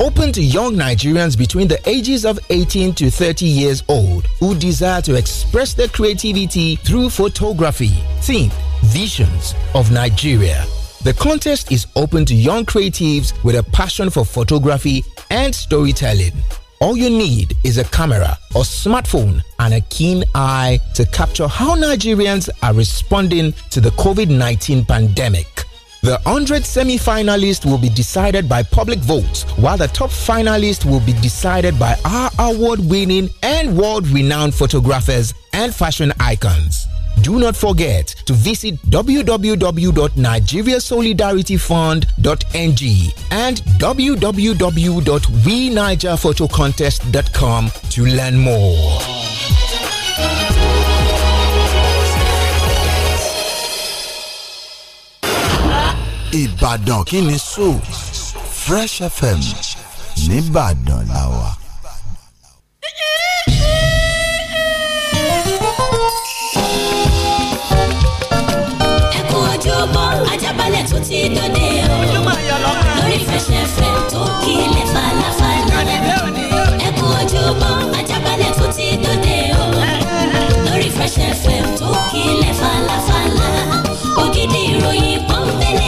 open to young Nigerians between the ages of 18 to 30 years old who desire to express their creativity through photography, think, visions of Nigeria. The contest is open to young creatives with a passion for photography and storytelling. All you need is a camera or smartphone and a keen eye to capture how Nigerians are responding to the COVID 19 pandemic. The 100 semi finalists will be decided by public votes, while the top finalists will be decided by our award winning and world renowned photographers and fashion icons. Do not forget to visit www.nigeriasolidarityfund.ng and www.wenigerphotocontest.com to learn more. Ìbàdàn kí ni so Fresh FM nìbàdàn la wà. ẹ kú ojúbọ Ajaabale tó o lórí Fresh FM tó kílẹ̀ falafala ẹ kú ojúbọ Ajaabale o lórí Fresh FM tó kílẹ̀ falafala ògidì ìròyìn pọ́nbélé.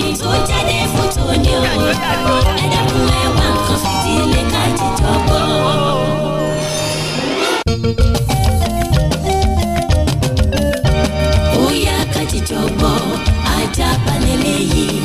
ìròyìn tó jáde fún tòní o ẹ dẹ́kun ẹ wá nǹkan ká jíjọ gbọ́. ó yá ká jíjọ gbọ́ ajá balẹ̀ lẹ́yìn.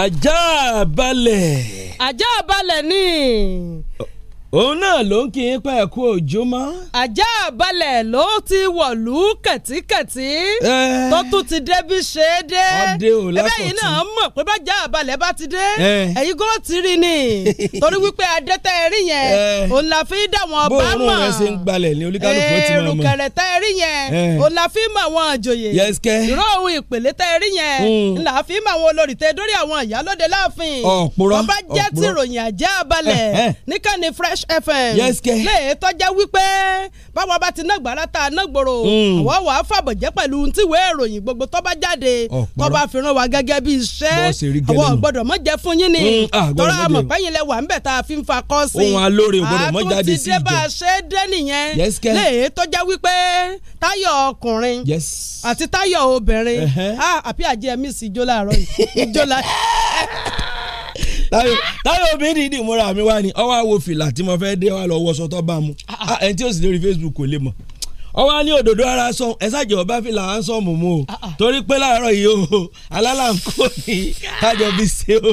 ajá balẹ̀. ajá balẹ̀ ni òun náà ló ń kí yín pa ẹ̀kú òjòmọ́. ajá balẹ̀ ló ti wọ̀lú kẹ̀tíkẹ̀tí eh. tó tún ti dé bí ṣe é dé ẹbẹ́ yìí náà mọ̀ pé bájá balẹ̀ bá ti dé eh. ẹ̀yin kò ti rí ni torí wípé adẹ́tẹ̀ rí yẹn eh. òun la fi dá wọn bá mọ̀ bó òun rẹ̀ ṣe ń gbalẹ̀ ní oníkálukú ti mọ̀ mọ̀ èrùkẹ̀rẹ̀ tẹ́ rí yẹn òun la fi mọ̀ àwọn àjòyè ìró Yes, FM lè tọ́já wípé báwa bá ti nágbàrá ta nágboro mm. àwa wàá fàbọ̀jẹ́ pẹ̀lú tíwé ìròyìn gbogbo tó bá jáde tó bá fi ràn wá gẹ́gẹ́ bí iṣẹ́ àwọn gbọ́dọ̀ mọ̀ jẹ́ fún yín ni mm, ah, tọ́ra àmọ̀ pẹ́yìn lẹ wà ń bẹ̀ tá a fi ń fa kọ́ sí i àtúntì dé bá a ṣe dé nìyẹn lè tọ́já wípé táyọ̀ táyọ̀ mi dìídì múra mi wá ni ọwọ́ àwo fìlà tí mo fẹ́ dé wa lọ wọṣọ tó bá mu ah, ah. Ah, ẹni tí ó sì lórí Facebook kò lè mọ̀ ọwọ́ ní òdòdó ara sọ ẹ ṣàjọ ọba fìlà á ń sọ mùmú o torí pé láàárọ̀ yìí o alálàǹkó ni tájọ bí ṣe o.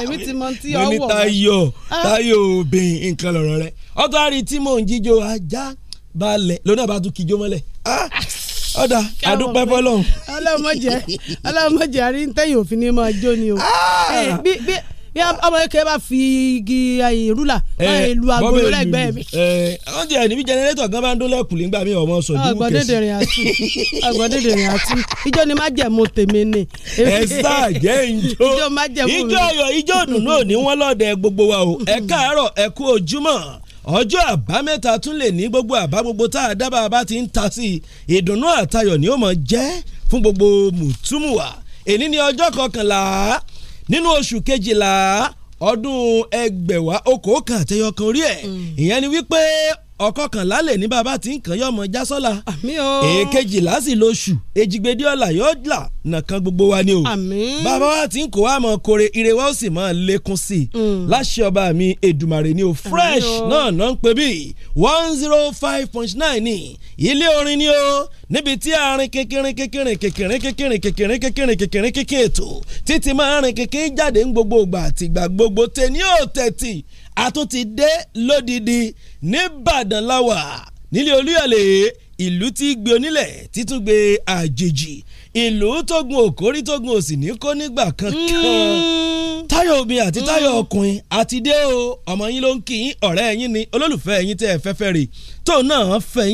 èmi ti mọ tí ọwọ́ mi. mo ní Táyọ̀ Táyọ̀ obìn nǹkan lọ̀rọ̀ rẹ ọtọ́ àrí tí mò ń jíjó ajá balẹ̀ lónà bá tún kíjó mọ́lẹ̀ ọ̀dà àdúpẹ́ fọlọ́run. ọlọ́mọdé ọlọ́mọdé àrí ń tẹ̀yìn òfin ni máa jó ni o. Eh, bí ọmọ eke bá fi igi rúlà lu agolo lẹ́gbẹ̀ẹ́ mi. ọ̀n jẹ́ níbi jẹnẹrétọ̀ gan bá ń dún lẹ́kùn nígbà mi ọmọ sọ ìdíwọ́ kẹsì. ọgbọ́dẹ̀dẹ̀rìn àti àti ijó ni májẹ̀mú tèmi ni. ẹ sáà jẹ́ ijó ijó ọyọ̀ ijó òdùnnú òní wọn lọ́ọ̀dẹ̀ gbogbo wa o ẹ káàárọ̀ ẹ kú ojúmọ́ ọjọ́ àbámẹ́ta tún lè ní gbogbo àbá gbogbo tá a dábàá bá ti ń ta sí i ìdùnnú àtayọ̀ ni ó mọ̀ jẹ́ fún gbogbo mùtúmùwà èní ni ọjọ́ kọkànlá nínú oṣù kejìlá ọdún ẹgbẹ̀wá okòókan àtẹyọkan orí ẹ̀ mm. ìyẹn ni wípé ọ̀kọ̀kànlá lè ní bàbá tí ń kàn yọ ọmọ jásọ́la èkejìlá sì lóṣù ejigbedi ọ̀la yóò là nàkan gbogbo wa ni o bàbá wa tí ń kó wa mọ̀ kore ire wa ó sì mọ̀ lékún sí i mm. láṣẹ ọba mi Èdùmàrè ni o fresh náà náà ń pè bí one zero five point nine ní ilé orin ni o níbi tí àárín kékeré kékeré kékeré kékeré kékeré kékeré kékeré kékeré ètò títí máa rìn kékeré jáde ń gbogbo ògbà àtìgbà gbogbo tẹ̀ ní òtẹ̀tì a tún ti dé lódìdí nìbàdàn láwà nílé olúyọ̀lé ìlú tí gbé onílẹ̀ títún gbé àjèjì ìlú tógun òkórí tógun òsì ní kó nígbà kankan mm. táyọ̀ obìnrin àti táyọ̀ mm. ọkùnrin àti dé o ọmọ yín ló ń kí yín ọ̀rẹ́ yín ni olólùfẹ́ yín tẹ́ ẹ fẹ́fẹ́ rè tóun náà fẹ́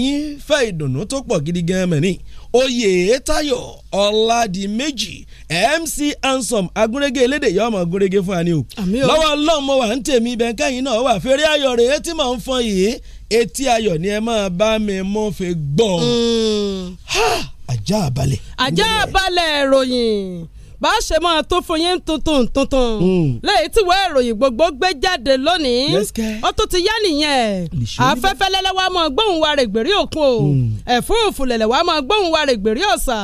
fẹ́ ìdùnnú tó pọ̀ gidi gan mẹ́rin oyètáyọ̀ ọ̀làdìmẹ́jì mc ansom agúnrégé elédè yọ ọmọ agúnrégé fún ani o lọ́wọ́ ọlọ́run mo wà ń tèmi ibẹ̀ kẹ́yìn náà wà fèrè ayọ̀ rèé tí mò ń fọn yìí etí ayọ̀ ni ẹ máa bá mi mú fi gbọ́ hmm. ajá balẹ̀. ajá balẹ̀ ìròyìn bá a ṣe máa tó fún yín tuntun tuntun hmm. lẹ́yìn tí wọ́n ìròyìn gbogbo gbé jáde lónìí ó tún ti yá nìyẹn afẹ́fẹ́ lẹ́lẹ́ wa máa gbóhùn wa rẹ̀ gbèrí òkun o hmm. ẹ̀fúùfù lẹ̀lẹ̀ wa máa gbóhùn wa rẹ̀ gbèrí ọ̀sà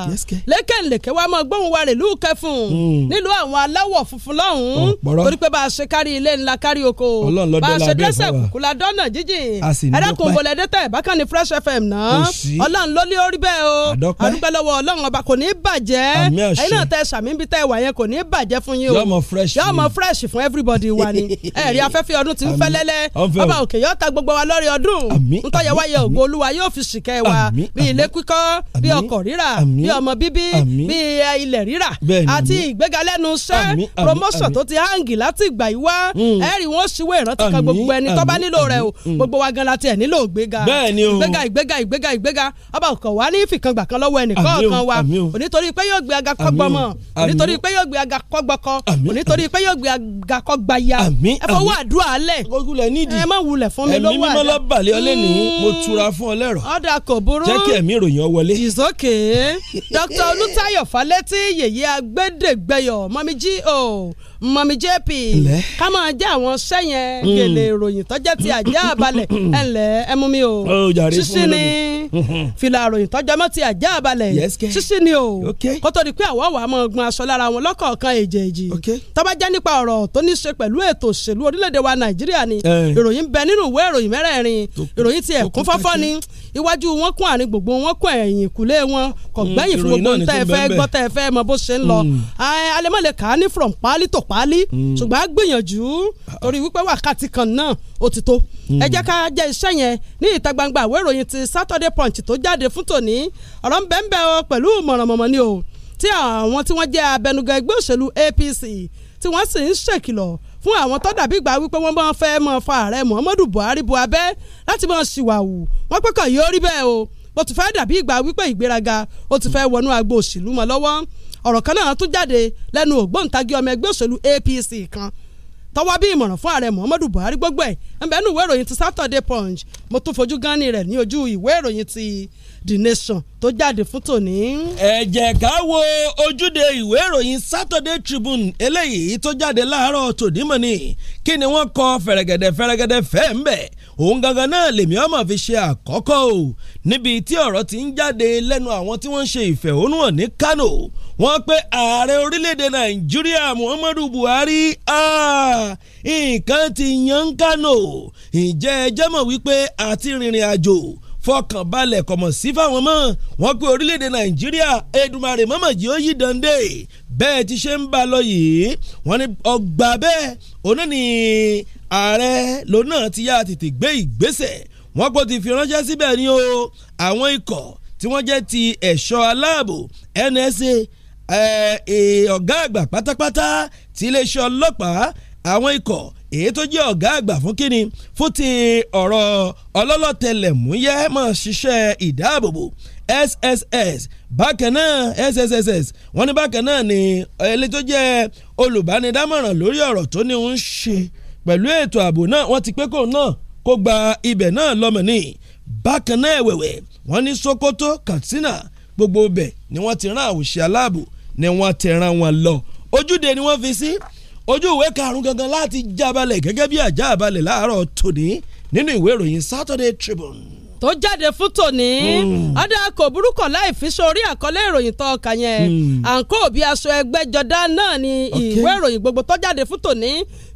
lẹ́kẹ̀lẹ́kẹ̀ wa máa gbóhùn wa rẹ̀ lù kẹfùn hmm. nílùú àwọn aláwọ̀ funfun lọ́hùn-ún torí pé bá a ṣe kárí ilé ńlá kárí oko bá a ṣe dẹ́sẹ̀ kùkùlà tẹ́ wà yẹn kò ní bàjẹ́ fún yín o yọmọ fresh yọmọ fresh fún everybody wa ni ẹ̀rí afẹ́fẹ́ ọdún ti ń fẹ́ lẹ́lẹ́ ọba òkè yóò ta gbogbo wa lọ́rẹ̀ ọdún ntọ́yẹ wáyé ògo olúwa yóò fi ṣìkẹ́ wa bí ilé kíkọ́ bí ọkọ̀ rírà bí ọmọ bíbí bí eh, ilẹ̀ rírà àti ìgbéga lẹ́nu iṣẹ́ promotion tó ti hangi láti ìgbà yìí wá hmm. ẹ̀rí wọn ṣíwé ìrántí kan gbogbo ẹni tó bá nílò rẹ o hmm. gbogbo wa gan la tiẹ̀ nílò ìgbéga ìgbéga ìgbéga ìgbéga ìgbéga ọba òkè wa ní ìfìkangbà kan lọ́wọ́ ẹnì kọ̀ọ̀kan wa onítorí pé yóò gbé aga kọ́gbọ́n nítorí pé yóò gbé aga kọ́ gbọ́kọ́ nítorí pé yóò gbé aga kọ́ gbaya ẹ fọwọ́ àdúrà alẹ̀ ẹ má wulẹ̀ fún mi lówó àdá ẹ̀mí mímọ́ lọ́bàlẹ̀ ọlẹ́ ni mo hmm. tura fún ọ lẹ́rọ̀ ọ̀dà kò burú jẹ́ kí ẹ̀mí ìròyìn ọ wọlé. ìsókè Dr. Olútáyọ̀ Fálétí yèyé agbẹ́dẹ́gbẹ́yọ̀ mọ́mí jí o mọ̀mí jp ká máa jẹ́ àwọn sẹ́yìn gèlè hmm. ìròyìn tọ́jẹ́ ti àjẹ́ àbálẹ̀ ẹ̀ ńlẹ̀ ẹ mú mi o ṣíṣí ni fìlà ìròyìn tọ́jọ́ mọ́ ti àjẹ́ àbálẹ̀ ṣíṣí ni o kó tó di pé àwọ̀ wà á mọ̀ gun aṣọ sọ lára wọn lọ́kọ̀ọ̀kan èjèèjì tó bá jẹ́ nípa ọ̀rọ̀ tó ní ṣe pẹ̀lú ètò òṣèlú orílẹ̀-èdè wa nàìjíríà ni eh. ìròyìn bẹ nínú ìwé ìròyìn mẹ́rẹ̀ẹ̀rin ìròyìn tiẹ̀ kún fọ́fọ́ ni iwájú wọn kún àárín gbogbo wọn kún ẹ̀yìn ìkúlé wọn kò mm, gbẹ́yìn fún gbogbo tẹ́ ẹ fẹ́ gbọ́ tẹ́ ẹ fẹ́ mọ bó ṣe ń lọ mm. alẹ́mọ̀lẹ̀ kà á ní from pálí tó pálí mm. ṣùgbọ́n á gbìyànjú torí wípé wákàtí kan náà ó ti tó ẹ jẹ́ ká jẹ́ iṣẹ́ yẹn ní ìta gbangba ìwé ìròyìn ti Saturday Punch tó jáde fún tòní ọ̀rọ̀ ń bẹ́ẹ̀ bẹ́ẹ̀ pẹ̀lú mọ̀rànmọ̀mọ̀ ni o tí àwọn tí wọ́n jẹ́ abẹnugan ẹgbẹ́ òṣèlú APC tí wọ́n sì ń ṣèkìlọ̀ fún àwọn tó dàbí ìgbà wípé wọ́n bá fẹ́ mọ fa ààrẹ Muhammadu Buhari bu abẹ́ láti mọ ṣìwàwù wọ́n pẹ́kọ̀ yóò rí bẹ́ẹ̀ o bó ti fẹ́ dàbí ìgbà wípé ìgbéraga ó ti fẹ́ wọnú agbo òṣèlú mọ́ lọ́wọ́ ọ̀rọ̀ kan náà tún jáde lẹ́nu ògbóǹtagì ọmọ ẹgbẹ́ òṣèlú APC kan tọwọ́ bí ìmọ̀ràn fún ààrẹ Muhammadu Buhari gbogbo ẹ̀ ẹ̀ńbẹ́nu ìwé ìròyìn ti Saturday ìwé ìròyìn ti The Nation tó jáde fún tòní. ẹ ká wo ojúde ìwé ìròyìn Saturday Tribune eléyìí tó jáde láàárọ̀ tòdímọ̀ ni kí ni wọ́n kọ fẹ̀rẹ̀gẹ̀dẹ̀ fẹ̀rẹ̀gẹ̀dẹ̀ fẹ́ ń bẹ̀ òun gangan náà lèmi ọmọ fi ṣe àkọ́kọ́ o níbi tí ọ̀rọ̀ ti ń jáde lẹ́nu àwọn tí wọ́n ń ṣe ìfẹ̀hónúhàn ní Kano wọ́n pé ààrẹ orílẹ̀-èdè nàìjíríà muhammadu buhari ah, nǹkan ti yan kánò ǹjẹ́ ẹjẹ́ mọ̀ wípé àti rìnrìn àjò fọkànbalẹ̀ kọ̀mọ̀ sí fáwọn mọ́ wọ́n pé orílẹ̀-èdè nàìjíríà Èdùmàrè mọ́mọ̀jì ó yí dande bẹ́ẹ̀ ti ṣe ń ba lọ yìí wọ́n ní ọgbà bẹ́ẹ̀ òun ni ààrẹ lòun náà ti yá tètè gbé ìgbésẹ̀ wọ́n kò ti fi ránṣẹ́ síbẹ̀ ni o àwọn ikọ̀ tí wọ́n jẹ́ ti ẹ̀ṣọ́ aláàbò NSA ọ̀gá àgbà pátápátá ti iléeṣẹ́ ọlọ́pàá àwọn ikọ̀ èyí tó jẹ́ ọ̀gá àgbà fún kínní fún ti ọ̀rọ̀ ọlọ́lọ́tẹlẹ̀múyẹ́ mọ̀ ṣiṣẹ́ ìdáàbòbò SSS bákan náà SSSS wọ́n ní bákan náà ni ẹni tó jẹ́ olùbánidámọ̀ràn lórí ọ̀rọ̀ tó ní ń ṣe pẹ̀lú ètò ààbò náà wọ́n ti pé kóun náà kó gba ibẹ̀ náà lọ́mọ ní bákan náà ẹ̀wẹ̀wẹ̀ wọ́n ní Sokoto Katsina gbogbo ibẹ̀ ni wọ́n ti rán àwòṣe aláàbò ni wọ́n ti rán wọn lọ ojúde ni wọ́n fi sí ojú ìwé karùn-ún gangan láti jábalẹ̀ gẹ́gẹ́ bí àjábalẹ̀ láàárọ̀ tòní nínú ìwé ìròyìn Saturday Tribune. tó jáde fún tòní hmm. ọ̀dà kò burúkọ̀ láì fi sórí àkọlé ìròyìn tó ọkà yẹn hmm. àǹkó òbí aṣọ ẹgbẹ́jọdá náà ni ìwé ìròyìn gbogbo tó jáde fún tòní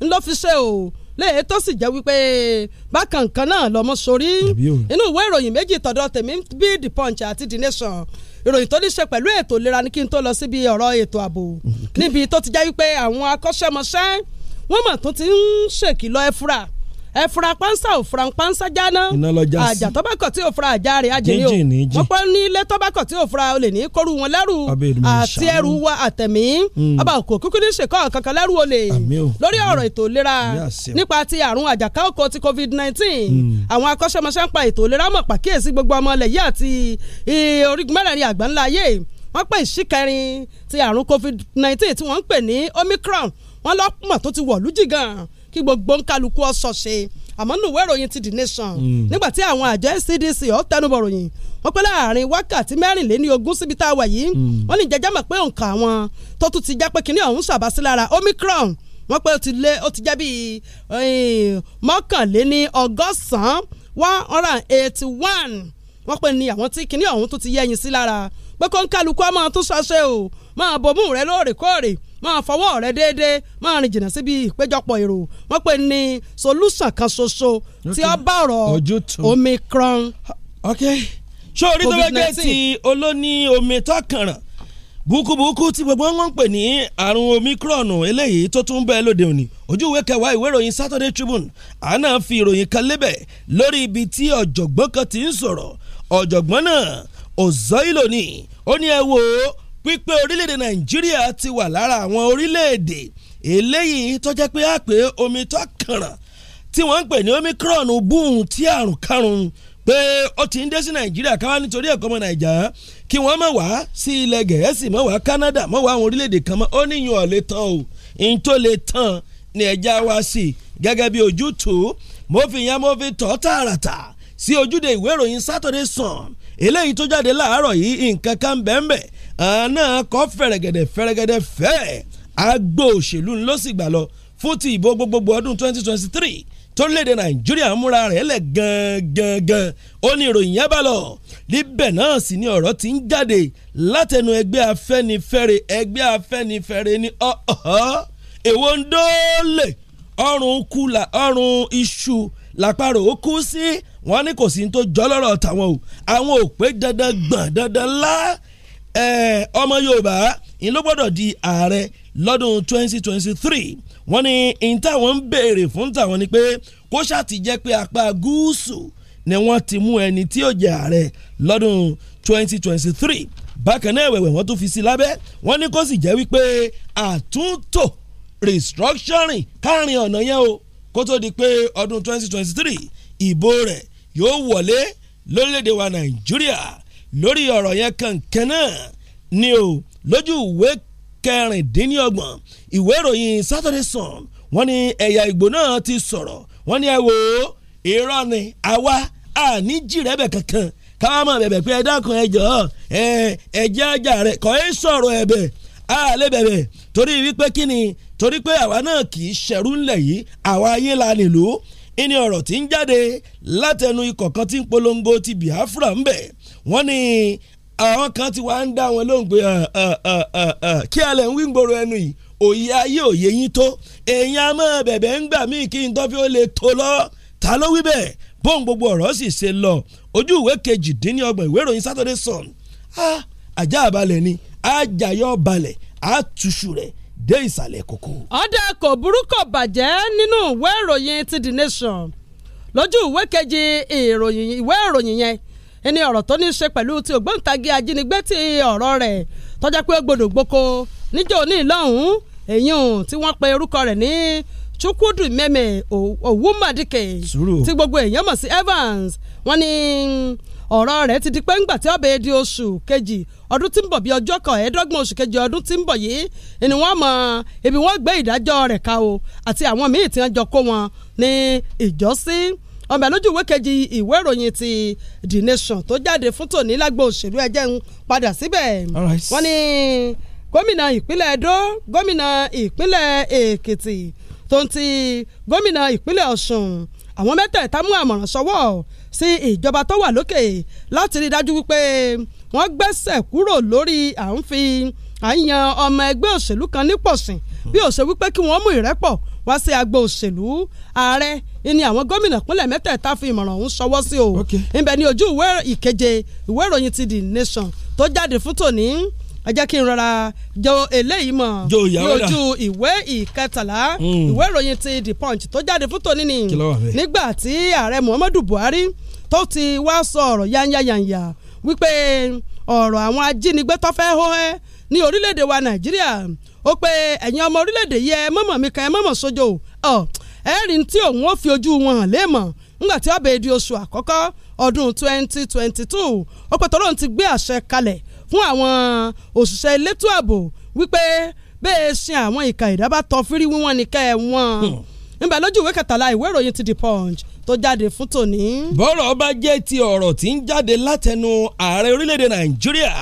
ńlọ fi ṣe o léyìí tó sì jẹ́ wípé bákan kan náà lọ́mọ sórí inú ìwé ìròyìn méjì tọ̀dọ̀ tèmi bí The Punch àti The Nation ìròyìn tó ní ṣe pẹ̀lú ètò ìlera ni kí n tó lọ síbi ọ̀rọ̀ ètò ààbò níbi tó ti jẹ́ wípé àwọn akọ́ṣẹ́mọṣẹ́ wọ́n mọ̀ tó ti ń ṣèkìlọ̀ ẹ fura ẹ fura pánsá ò fura pánsá jáná àjà tó bá kọ̀ tí ò fura àjà rẹ̀ ajẹ́ ni o wọ́n pẹ́ ní ilé tó bá kọ̀ tí ò fura olè ní kóru wọn lẹ́rù àti ẹrù wa àtẹ̀mí hmm. ọba òkò kúkú ní ṣèkọ́ kankan lẹ́rù olè lórí ọ̀rọ̀ ètò ìlera nípa ti àrùn àjàká òkò ti covid nineteen hmm. àwọn akọ́ṣẹ́mọṣẹ́ ń pa ètò ìlera mọ̀ pàkíyèsí gbogbo ọmọ ilẹ̀ yìí àti orígun mẹ́rẹ̀ẹ̀rin àgbáńlá ayé wọ́n pè ìṣíkẹrin ti àrùn covid nineteen tí wọ́n ń pè ní omicron wọ́n lọ́pọ̀ tó ti wọ̀lú jì gan-an kí gbogbo kálukú ọ̀sọ̀ ṣe àmọ́ nùwé ìròyìn ti the nation hmm. nígbà tí àwọn àjọ CDC ọ̀ tẹnubọ̀ ròyìn wọ́n pẹ́ láàrin wákàtí mẹ́rìnléní ogún síbi tá a wà yìí hmm. wọ́n ní jẹjẹ́ mọ̀ pé òǹkà wọn tó tún ti já pé kínní ọ̀hún ṣàbàsí lára Omicron wọ́n pé ó ti lé ó ti jẹ́ bíi eh, mọ́kànléní ọgọ́sàn-án one hundred eighty one wọ́n pé ní àwọn tí kínní ọ̀hún tó ti yẹ̀yìn sí lára pé kó ń kálukú ọmọ tó ṣọṣẹ́ o máa bomú rẹ lóòrèkóòrè máa fọwọ́ rẹ déédéé máa rìn jìnnà síbi ìpéjọpọ̀ èrò wọ́n pè ní solution kan ṣoṣo tí ó bá ọ̀rọ̀ omicron. ok ṣé orí tó gbé ti olóní omi tọkànràn bukubuku tí gbogbo wọn ń pè ní àrùn omicron eléyìí tó tún bẹ́ẹ̀ lóde òní ojú ìwé kẹwàá ìwé ìròyìn Saturday Tribune àná fi ìròyìn kan lébẹ̀ lórí ibi tí ọ̀jọ̀gbọ́n kan ti ń sọ̀rọ̀ ọ̀jọ̀gbọ́n náà Ozoilo ni ó ní ẹ wo pípé orílẹ̀-èdè nàìjíríà ti wà lára àwọn orílẹ̀-èdè eléyìí tó jẹ́ pé á pé omi tó kànrà tí wọ́n ń pè ní omicron bùn tí àrùn karùn-ún pé ó ti ń dé sí nàìjíríà káwá nítorí ẹ̀kọ́ ọmọ nàìjà kí wọ́n mọ̀ wá sí ilẹ̀ gẹ̀ẹ́sì mọ̀ wá canada mọ̀ wá àwọn orílẹ̀-èdè kan mọ́ ó níyàn ọ̀lẹ́ tán o ìyẹn tó lè tán ni ẹja wá sí gẹ́gẹ́ bí ojútùú mo fi yẹn mo fi tọ́ tààràtà sí ojúde ìwé ìròyìn Saturday Sun eléyìí tó jáde láàárọ̀ yìí nǹkan kan bẹ́ẹ̀nbẹ́ àná kọ́ fẹ̀rẹ̀gẹ̀dẹ̀ fẹ̀rẹ̀gẹ̀dẹ̀ fẹ́ àgbò òṣèlú ló sì gbà lọ fún ti ìbò gbogbogbò ọdún 2023 torílẹ̀-èdè nàìjíríà ń múra rẹ̀ lẹ̀ gan-gan-gan ó ní ìròyìn yẹn bá lọ níbẹ̀ náà sì ni ọ̀rọ̀ ti ń jáde látẹnu ẹgbẹ́ afẹ́nifẹ́re ẹgbẹ́ afẹ́nifẹ́re ní ọ̀họ́ èwo ń dóòlè ọrùn kú la ọrùn iṣu làpárò ó kú sí wọn ní kò sí ní tó jọ lọ́rọ̀ tàwọn o àwọn ò pé dandan gbọ̀n dandan lá Eh, ọmọ Yorùbá ni ló gbọ́dọ̀ di ààrẹ lọ́dún 2023 wọ́n ní ní táwọn ń béèrè fún táwọn ni pé kó ṣáàtì jẹ́ pé apá gúúsù ni wọ́n ti mú ẹni tí ó jẹ ààrẹ lọ́dún 2023 bákan náà ẹ̀wẹ̀wẹ̀ wọ́n tún fi sí lábẹ́ wọ́n ní kó sì jẹ́ wípé àtúntò restructuring káàrin ọ̀nà yẹn o kó tó di pé ọdún 2023 ìbò rẹ̀ yóò wọlé lórílẹ̀‐èdè wa Nàìjíríà lórí ọ̀rọ̀ yẹn kankan náà ni o lójú ìwé kẹrìndínlọ́gbọ̀n ìwé ìròyìn Saturday Sun wọ́n ní ẹ̀yà Ìgbò náà ti sọ̀rọ̀ wọ́n ní ẹ wò ó irọ́ ni àwa àní jìrẹ́bẹ̀ kankan káwá mọ̀ bẹ̀bẹ̀ pé ẹ dákun ẹ jọ̀ọ́ ajá rẹ̀ kọ́ ẹ sọ̀rọ̀ ẹ̀bẹ̀ a lè bẹ̀bẹ̀ torí wípé kí ni torí pé àwa náà kì í ṣẹ̀rú ńlẹ̀ yìí àwa yín la nìlú ìní ọ̀rọ̀ tí ń jáde látẹnu ikọ̀ kan tí ń polongo ti Biafra ń bẹ̀ wọ́n ní àwọn kan ti wá ń dá wọn lóhùn pé kí alẹ̀ ń wí gbòòrò ẹnu yìí òye ayé òye yín tó èèyàn a máa bẹ̀bẹ̀ ń gbà míì kí n tó fi ó lè tó lọ ta ló wí bẹ́ẹ̀ bóun gbogbo ọ̀rọ̀ sì ṣe lọ ojú ìwé kejìdínlọ́gbọ̀n ìwé ìròyìn Saturday Sun ah ajá àbálẹ̀ ni ajayọ̀ balẹ̀ àtúnṣu rẹ̀ dé ìsàlẹ̀ kókó. ọ̀dà kò burúkọ̀ bàjẹ́ nínú ìwé ìròyìn ti The Nation lójú ìwé kejì ìròyìn ìwé ìròyìn yẹn ẹni ọ̀rọ̀ tó ní í ṣe pẹ̀lú ti ògbóǹtagì ajínigbé ti ọ̀rọ̀ rẹ̀ tọ́jà pé gbòdògbòko níjó ní ìlọ́hún èyàn tí wọ́n pe orúkọ rẹ̀ ní chukwudu meme owumadike tí gbogbo èèyàn mọ̀ sí Evans wọ́n ní ọ̀rọ̀ rẹ̀ ti di pé ńgbà tí ọbẹ̀ di oṣù kejì ọdún tí ń bọ̀ bí ọjọ́ kọ̀ẹ́dọ́gbọ̀n oṣù kejì ọdún tí ń bọ̀ yìí ni wọ́n mọ ibi wọ́n gbé ìdájọ́ rẹ̀ ká o àti àwọn míì tí wọ́n jọ kó wọn ní ìjọ́sí. E ọmọ lójú ìwé kejì ìwé ìròyìn ti The Nation tó jáde fún tòní lágbo òṣèlú ẹjẹ́ ń padà síbẹ̀ wọ́n ní gómìnà ìpínlẹ̀ Ẹdó gómìnà ìpínlẹ̀ Èkìtì tó ń ti gómìnà ìpínlẹ̀ Ọ̀ṣun àwọn mẹ́tẹ̀ẹ̀ta mú àmọ̀ràn sọ́wọ́ sí ìjọba tó wà lókè láti rí dájú wípé wọ́n gbẹ́sẹ̀ kúrò lórí à ń fi à ń yan ọmọ ẹgbẹ́ òṣèlú kan nípòsìn bí ó ṣe kí wọ́n mú ìrẹ́pọ̀ wá sí agbo òṣèlú ààrẹ ni àwọn gómìnà pínlẹ̀ mẹ́tẹ̀ẹ̀ta fi ìmọ̀ràn ọ̀hún ṣọwọ́ sí o ńbẹ ní ojú ìwé ìkeje ìwé ìròyìn ti The Nation tó jáde fún tòní ẹ jẹ́ kí n rọra jo eléyìí mọ̀ ní ojú ìwé ìkẹtàlá hmm. ìwé ìròyìn ti The Punch tó jáde fún tòní ni nígbà tí ààrẹ Muhammadu Buhari tó ti wá sọ ọ̀rọ̀ yányányányá wípé ọ̀rọ̀ àwọn ajínigbé tó fẹ́ hó ẹ́ ní orílẹ̀-èdè wa Nàìjíríà ó pé ẹ̀yin ọmọ orílẹ̀-èdè yẹ mọ́mọ́ mi kan ẹ mọ́mọ́ sójó ọ̀ ẹ̀rín tí òun ó fi ojú wọn hàn léèmọ̀ nígbà tí ọbẹ̀ di oṣù àkọ́kọ́ ọdún 2022 ó pẹ̀tọ́ lóun ti gbé àṣẹ kalẹ̀ fún àwọn òṣìṣẹ́ elétò ààbò wípé bẹ́ẹ̀ ṣe àwọn ìka ìdábà tọ́ fírí wíwọ́n ní kẹ́ ẹ̀ wọ́n níbẹ̀ hmm. lójú ìwé kẹtàlá ìwé ìròyìn ti The Punch tó jáde fún tòní. bọ́rọ̀ bá jẹ́ ti ọ̀rọ̀ tí ń jáde látẹnu ààrẹ orílẹ̀-èdè Nàìjíríà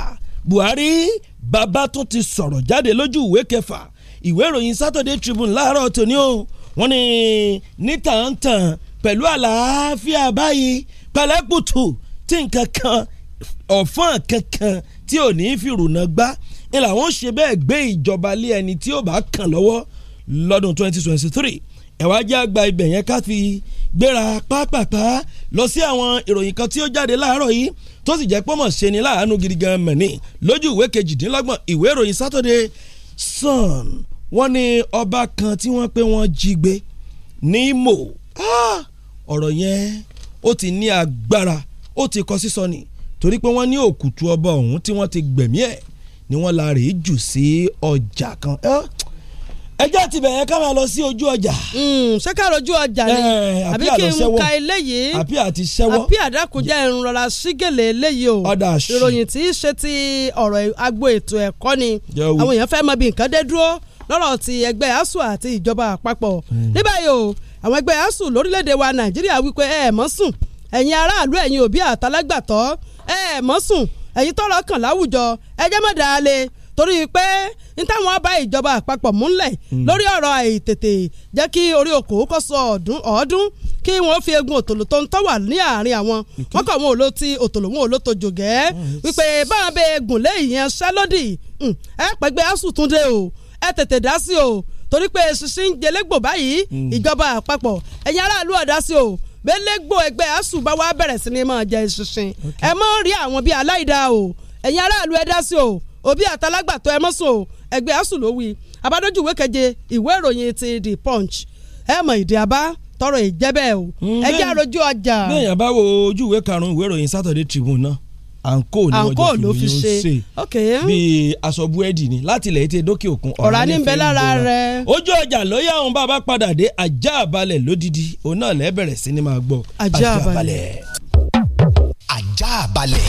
Buhari bàbá tó ti sọ̀rọ̀ jáde lójú ìwé kẹfà ìwé ìròyìn Saturday Tribune láàárọ̀ tòní o wọ́n ní ní tàǹtàn pẹ̀lú àlàáfíà báyìí pẹ̀lẹ́kùtù tí nǹkan kan ọ̀fọ́n kankan tí ò ní fi rùnà gbá ni làwọn ṣe bẹ́ẹ̀ gbé ìjọba lé ẹni tí ò bá kàn lọ́wọ́ lọ́dún 2023 ẹ̀wá jẹ́ àgbà ibẹ̀ yẹn ká fi gbéra pápápá lọ sí àwọn ìròyìn kan tí ó jáde láàárọ̀ yìí tó sì jẹ́ pọ́mọ̀ ṣe ni láàánú gidi gan mẹ́ni lójú ìwé kejìdínlọ́gbọ̀n ìwé ìròyìn Saturday Sun wọ́n ní ọba kan tí wọ́n pé wọ́n jí gbé ní Imo ah! ọ̀rọ̀ yẹn ó ti ní agbára ó ti kọ sísọ ni torí pé wọ́n ní òkùtù ọba ọ̀hún tí wọ́n ti gbẹ̀mí ẹ̀ ni wọ́n la rèé jù sí ọjà kan. Eh? ẹjẹ́ ti bẹ̀rẹ̀ ká máa lọ sí ojú ọjà. Hmm, ṣé ká lọ ojú ọjà ni eh, àbí kí n ka eléyìí àbí àti sẹ́wọ́ àbí àdàkùnjẹ́ irun rọra sígèlè eléyìí o ìròyìn tí í ṣe ti ọ̀rọ̀ agbo ètò ẹ̀kọ́ ni àwọn èèyàn fẹ́ mọ bí nǹkan dé dúró lọ́rọ̀ ti ẹgbẹ́ asuu àti ìjọba àpapọ̀ hmm. ní báyìí o àwọn ẹgbẹ́ asuu lórílẹ̀‐èdè wa nàìjíríà wípé ẹ mọ́ sùn ẹ̀yin aráàlú ẹ̀yin òbí àtàlágbàtọ́ ẹ mọ́ sùn ẹ̀yin tọ́rọ̀ kàn láwùjọ ẹ jẹ́ mọ́ dáálé torí pé ní táwọn bá ìjọba àpapọ̀ múlẹ̀ hmm. lórí ọ̀rọ̀ àìtètè jẹ́ kí orí òkú kó sọ ọ̀ọ́dún ọ̀ọ́dún kí wọ́n fi egun òtòló tó ń tọ́ wà ní àárín àwọn wọ́n kàn wọ́n ò ló ti òtòló wọ́n ò ló tojò gẹ́ hmm. wípé báwọn bẹ gùn lé ìyẹn ṣẹ́lódì ẹ pẹ́gbẹ́ asùn tún dé o ẹ tètè dá sí o torí pé ṣinṣin ń jelégbò báyìí mm. ìjọba àpapọ̀ ẹ̀yin aráàlú ọ̀dá sí o gbélégbò ẹgbẹ́ asuu bá wá bẹ̀rẹ̀ sí ni máa jẹ ṣinṣin ẹ mọ́ rí àwọn bíi aláìda o ẹ̀yin aráàlú ẹ dá sí o òbí àtàlágbàtọ́ ẹ mọ́ sùn o ẹgbẹ́ asuu ló wí abádójú ìwé keje ìwé ìròyìn ti the punch ẹ mọ ìdí abá tọrọ ìjẹ́bẹ̀ o mm. ẹ jẹ́ àròjù ọjà. bí èèyàn bá wo ojú ìwé karùn-ún ìwé ìròyìn Saturday Tribune náà àǹkó ni wọ́n jọ fi ṣe bíi aṣọ búrẹ́dì ni láti ilẹ̀ ètè dókè òkun ọ̀rá ní bẹ́ẹ̀ lára rẹ̀. ojú ọjà lóyá òun bá a bá padà dé ajá balẹ̀ lódìdí òun náà lẹ́ẹ̀ sí ni máa gbọ́ ajá balẹ̀. ajá balẹ̀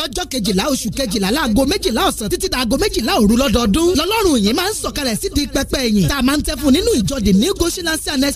lọ́jọ́ kejìlá oṣù kejìlá láago méjìlá ọ̀sán títí dàago méjìlá òru lọ́dọọdún lọ́lọ́run yìí máa ń sọ̀kalẹ̀ sí di pẹpẹ yìí tá a máa ń tẹ́ fún nínú ìjọ the new goshen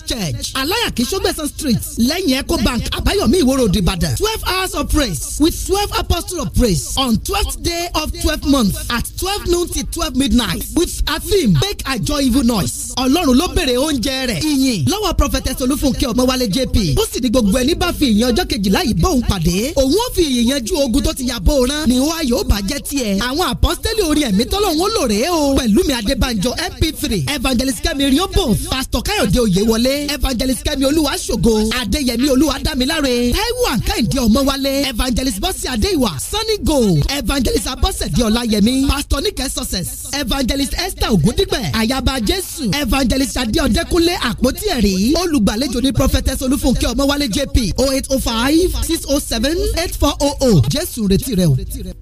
church alayaki sọgbẹ́sán street lẹ́yìn eco bank abayomi ìwòrò ìbàdàn twelve hours of praise with twelve apostles of praise on twelfth day of twelfth month at twelve noon till twelve midnight with a theme make a joyful noise ọlọ́run ló bèrè oúnjẹ rẹ̀ ìyìn lọ́wọ́ prophetess olúfúnkẹ́ ọmọwálé jp ó sì ní gbogbo ẹni bá fi ìyẹn kejìlá yìí bóun pàdé òun ó fi ìyẹn ogun tó ti yà bóun àwòrán ni wá yóò bàjẹ́ tiẹ̀. àwọn àpọ́sítẹ́lì orin ẹ̀mí tọ́lọ́hún lò rèé o. Pẹ̀lúmi Adébánjọ MP3 Evangelist Kẹ́mi Riobo Pastor Káyọ̀dé Oyèwọlé Evangelist Kẹ́mi Olúwaṣògo Adéyẹmí Olúwadámiláre Táíwò Àǹkáìndé Ọmọwálé Evangelist Bọ́sì Adéìwà Sunny Gold Evangelist Abọ́sẹ̀dé Ọláyẹmí Pastor Níkẹ́ Success Evangelist Esther Ògúndígbẹ̀ Àyàbá Jésù Evangelist Adéọdẹ́kúnlé Àpótí ẹ̀rí olùgbàlejò ní Prophetess Olúfúnkẹ́ Ọmọwálé JP 0805 607 8400 Jésù retí rẹ o. retí rẹ.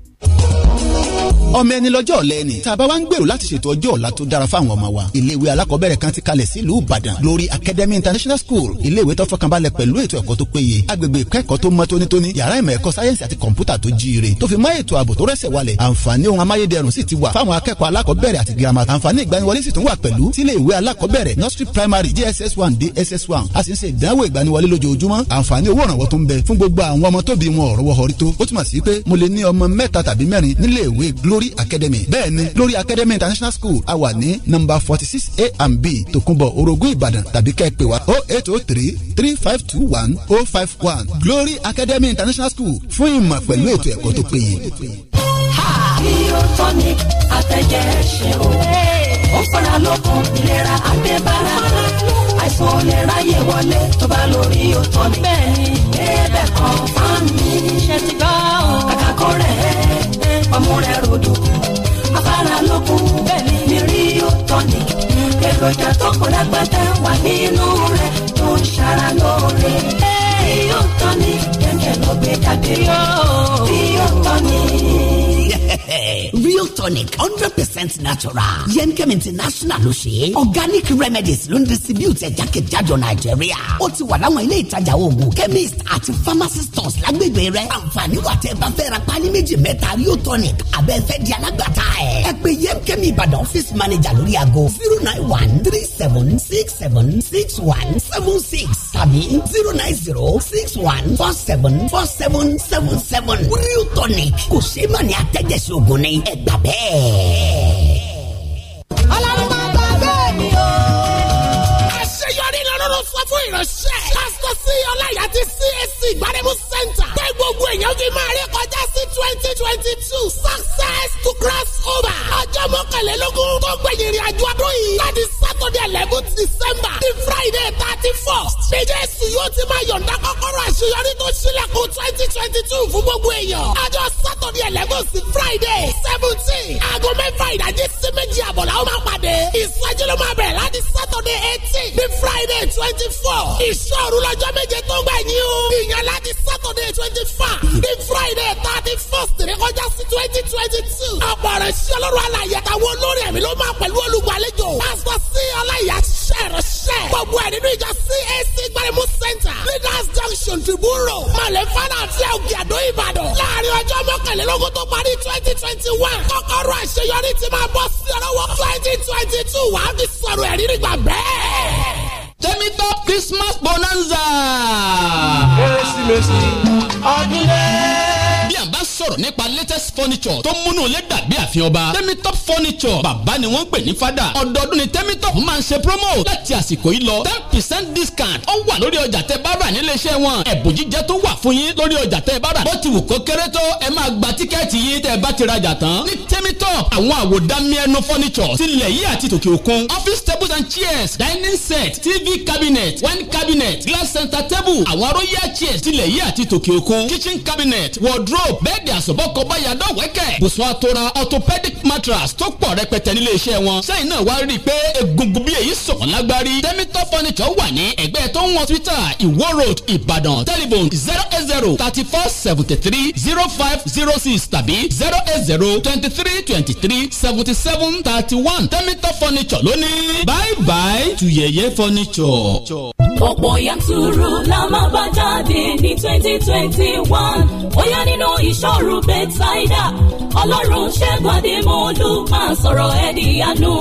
ọmọ ẹni lọ́jọ́ ọ̀lẹ́ ni tàbá wa ń gbèrò láti ṣètò ọjọ́ ọ̀la tó dára fáwọn ọmọ wa iléèwé alákọ̀ọ́bẹ̀rẹ̀ kan ti kalẹ̀ sílùú Ìbàdàn Glory Academy International School iléèwé tó fọkànbalẹ̀ pẹ̀lú ètò ẹ̀kọ́ tó péye agbègbè ìkẹ́kọ̀ọ́ tó mọ́ tónítóní yàrá ìmọ̀ ẹ̀kọ́ sáyẹ́nsì àti kọ̀ǹpútà tó jíire tó fi mọ́ ètò ààbò tó rẹ̀sẹ̀ walẹ̀ àǹfààní ohun amáyédẹrùn sì ti wà fáwọn akẹ́kọ̀ọ́ alákọ̀ọ́bẹ̀rẹ̀ àti girama àǹfààní ìgbaniwọlé sì nursery primary JSS one DSS one a sì ń ṣe ìdánwò ìgbaniwọlé lójoojúmọ́ àǹfààní owó ìrànwọ́ tó ń bẹ fún gbogbo àwọn ọmọ tóbi wọn ọ̀rọ̀ wọ̀ọ́rí tó ó túmọ̀ sí Glory lórí academy bẹ́ẹ̀ ni lórí academy international school a wà ní number forty six a and b tòkunbọ̀ orogún ìbàdàn tàbí kẹ́ ẹ pè oh eight oh three three five two one oh five one glory academy international school fún ìmọ̀ pẹ̀lú ètò ẹ̀kọ́ tó péye. Mio tonic àtẹ̀jẹ́ ṣe o. ó fara lókun ìlera àtẹ̀bára. àìsàn ò lè wọlé tó bá lórí o tonic. bẹ́ẹ̀ni. ewébẹ̀ kan fún mi. ṣe ti gbọ́ kàkà kó rẹ̀ ẹ́ ọmú rẹ̀ rodo afárá lókun bẹ́ẹ̀ ni mi rí ó tọ́ni èròjà tó kọ́ lágbàtà wà nínú rẹ̀ tó ń ṣara lóore rí ó tọ́ni kẹ̀kẹ́ ló gbé jáde rí tọ́ni. real tonic hundred percent natural yemkem international ló ṣe organic remedies ló ń distribute ẹ̀ jákèjádò nàìjíríà ó ti wà láwọn ilé ìtajà oògùn chemist àti pharmacy stores lágbègbè rẹ àǹfààní wà tẹ́ bá fẹ́ ra pálí méjì mẹ́ta real tonic abẹ́ fẹ́ di alágbàtà ẹ̀ ẹ pé yemkem ìbàdàn office manager lórí aago zero nine one three seven six seven six one seven six tàbí zero nine zero six one four seven four seven seven seven real tonic kò ṣe é mà ní atẹ́ ẹ̀jẹ̀ sí ogun ni ẹgbà bẹ́ẹ̀. ọlọ́run sọ fún ìránṣẹ́. pásítọ̀ sí ọláyà ti CAC gbaremu center. pé gbogbo èèyàn ti máa rí kọjá sí twenty twenty two success to cross over. ọjọ́ mọ́kànlélógún tó gbẹ̀yìn ìrìn àjò ọdún yìí. láti saturday eleven december di friday thirty four. ṣé jésù yóò ti máa yọ̀ǹda kọ́kọ́rọ́ àṣeyọrí tó ṣílẹ̀kùn twenty twenty two fún gbogbo èèyàn. ọjọ́ saturday eleven sí friday seventeen. aago mẹ́fà ìdájí sí méjì àbọ̀là ó máa pàdé. ìsọjí ló máa bẹ̀rẹ̀ láti saturday eighteen di friday twenty twenty four. ìṣòro lọ́jọ́ méje tó ń gbà yín o. ìyẹn láti Saturday twenty five ní Friday thirty first rékọjá sí twenty twenty two. ọ̀pọ̀ rẹ̀ ṣe ọlọ́run àlàyé àtàwọn olórí ẹ̀mí ló máa pẹ̀lú olùgbàlejò. pásítọ̀ sí ọláyà ṣiṣẹ́ ìránṣẹ́. gbogbo ẹ̀ nínú ìjọ CAC gbaremu center leaders junction tribunal malẹ̀ fana àti ọ̀gẹ̀ àdó Ìbàdàn. láàrin ọjọ́ mọ́kànlélógún tó parí twenty twenty one kọ́kọ́rọ́ àṣeyọrí ti máa bọ́ sí ọlọ́wọ́ twenty twenty two wàá fi sọ̀rọ̀ ẹ̀rí nígbà bẹ́ẹ̀. Tẹ́mítọ́ Christmas bonanza. Kérésìmesì ọdún lẹ́ẹ̀ sọ̀rọ̀ nípa latest furniture tó múnú lé dàbí àfihàn ọba top furniture bàbá ni wọ́n ń pè ní fada ọdọọdún ni temitop máa ń ṣe promo láti àsìkò yìí lọ ten percent discount ó wà lórí ọjà tẹ bá rà nílé iṣẹ́ wọn ẹ̀bùn jíjẹ tó wà fún yín lórí ọjà tẹ bá rà bó ti wù kó kéré tó ẹ máa gba tíkẹ́ẹ̀tì yín tẹ bá ti rajà tán ní temitop àwọn àwòdámiẹ́nu furniture tilẹ̀ yìí àti tòkè òkun office tables and chairs dining set tv cabinet wine cabinet glass center table àwọn royal chairs tilẹ̀ yìí àti tòkè òkun kitchen cabinet wardrobe bẹ́ẹ̀dì àsọ̀bọ̀kọ báyà dọ̀wẹ́kẹ̀ bùsùn àtòrà orthopedic mattress tó pọ̀ rẹpẹtẹ nílé iṣẹ́ wọn sẹ́yìn náà wá rí i pé egungun bí èyí sọ̀kan lágbárí tẹ́mítọ́ furniture wà ní ẹ̀gbẹ́ tó ń wọ twitter iwo road ìbàdàn telephone zero eight zero thirty four seventy three zero five zero six tàbí zero eight zero twenty three twenty three seventy seven thirty one tẹ́mítọ́ furniture lónìí bye bye to tuyẹ̀yẹ furniture. ọ̀pọ̀ yanturu la máa bá jáde ní twenty twenty one ó yá nínú ìṣòro lóru bẹ́tsáìdà ọlọ́run ṣẹ́gun adémọ́lú máa sọ̀rọ̀ ẹ̀ di àánú.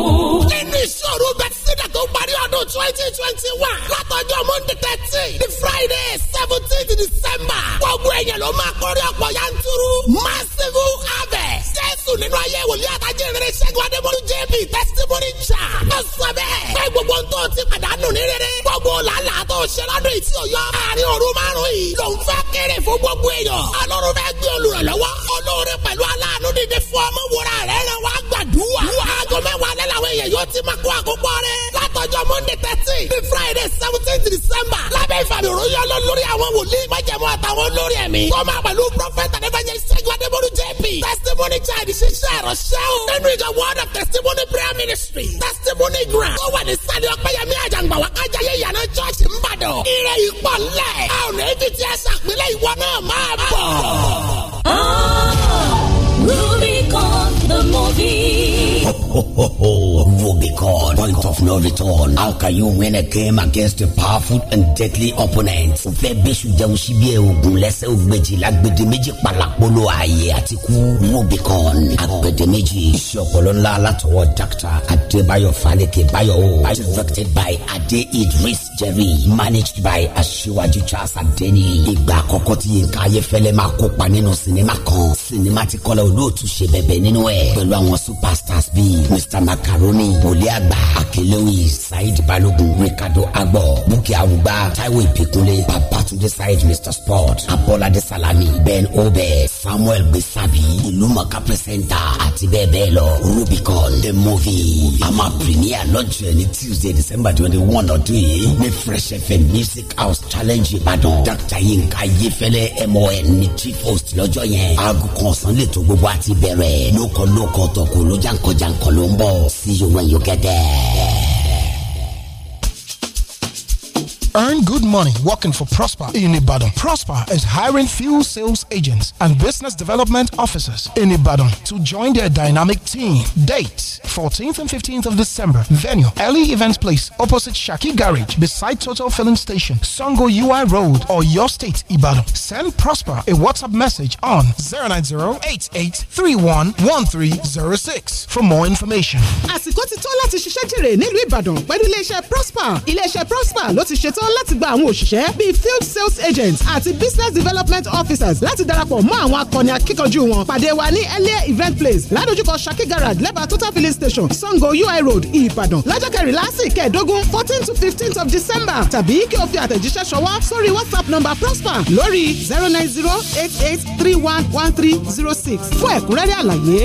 nínú ìṣòro bẹ́tsáìdà tó parí ọdún twenty twenty one látọjọ́ monday thirteen ní friday seventeen december gbogbo èèyàn ló máa kórè ọ̀pọ̀ yanturu massive harvest. Jésù nínú ayé wòlíì àtàjẹ́ rere Ṣẹ́gun Adébólú JP testimony jà. Ó sọ bẹ́ẹ̀. Pé gbogbo ohun tó ti pàdánù ní rere. Gbogbo làálàá tó ṣe lọ́dún ìtì ọ̀yọ́. Àárín òru márùn-ún yìí. Lòun fẹ́ kéré fún gbogbo èèyàn. Ọlọ́run fẹ́ gbé olùrànlọ́wọ́. Olóore pẹ̀lú aláàánú dídí fún ọmọ wúrà rẹ̀ rẹ̀ wá gbàdúrà. Wọ́n látọjọ́ monday thirteen ní friday seventeen december lábẹ́ ìfàmì òròyìn ọlọ́lórí àwọn wòlíì májẹ̀mú àtàwọn olórí ẹ̀mí tó máa pẹ̀lú prophet and evangelist ṣẹ́gun adébólú jp testimony child ṣiṣẹ́ ìrọ̀ṣẹ́ o nínú ìjọ word of testimony prayer ministry testimony ground tó wà ní sani ọpẹ́yẹmí àjàngbàwá kájàyé ìyànà church ńbàdàn ire ìpọ̀ àwọn èyí ti ẹ ṣàpilẹ̀ ìwọ náà máa bọ̀. Ah, Rubicon the movie. Ho, ho, ho, ho. will be called point of no return. How can you win a game against a powerful and deadly opponent? O fẹ́ bẹ́sù jẹ́ oṣù bí oògùn lẹ́sẹ̀ ògbèjì lágbèdè méjì palàpolo ààyè àti kú Rubicon àgbèdè méjì. Iṣẹ́ ọpọlọ ńlá látọwọ́ Dr. Adébáyọ̀ Fálékè Báyọ̀ O. Directed by Adé Idris Jerry. Managed by Aṣíwájú Charles Adéni. Ìgbà àkọ́kọ́ tí Yinka Ayéfẹ́lẹ́ máa kópa nínú sinimá kan. Sinimá ti kọ́lá olóòtú ṣe bẹ̀bẹ̀ nínú ẹ̀. Pẹ̀lú àwọn superstars bíi Mr Macaroni wòlíì àgbà akelewi saheed balogun ricardo agbọ bukki arugba taiwo ìpèkúnlé babatunde saheed mr sport abolade salami ben obe samuel gbèsàbí ìlúmọ̀ká pẹ̀sẹ̀ntà àti bẹ́ẹ̀ bẹ́ẹ̀ lọ rubicon the movie ama premier lọ́jọ́ ní tuesday december twenty one ọdún yìí ní fresh fm music house challenge ìbàdàn dr yinka yefẹlẹ mon ní chief host lọ́jọ́ yẹn aago kan ọ̀sán lè tó gbogbo àti bẹ̀rẹ̀ lóko lóko tọkọ lójàǹkọjàǹkọ ló ń bọ̀ sí yorùbá you get there earn good money working for Prosper in Ibadan. Prosper is hiring fuel sales agents and business development officers in Ibadan to join their dynamic team. Dates 14th and 15th of December. Venue Early Events Place opposite Shaki Garage beside Total Filling Station, Songo UI Road, or your state, Ibadan. Send Prosper a WhatsApp message on 090-8831-1306 for more information. àsìkò ti tó láti ṣiṣẹ́ Ìbàdàn pẹ̀lú iléeṣẹ́ Prosper iléeṣẹ́ Prosper ló dúró láti gba àwọn òṣìṣẹ́ bíi field sales agents àti business development officers láti darapọ̀ mọ́ àwọn akọni akíkanjú wọn pàdé wa ní earlier event place ládojúkọ Ṣakí garage lẹ́bàá total filling station Sango UI road Ìbàdàn lọ́jọ́ kẹrìnlá sí kẹẹ̀ẹ́dógún fourteen to fifteenth of December tàbí kí o fi àtẹ̀jíṣẹ́ ṣọwọ́ sórí WhatsApp number Prosper lórí zero nine zero eight eight three one one three zero six fún ẹ̀kúnrẹ́rẹ́ àlàyé.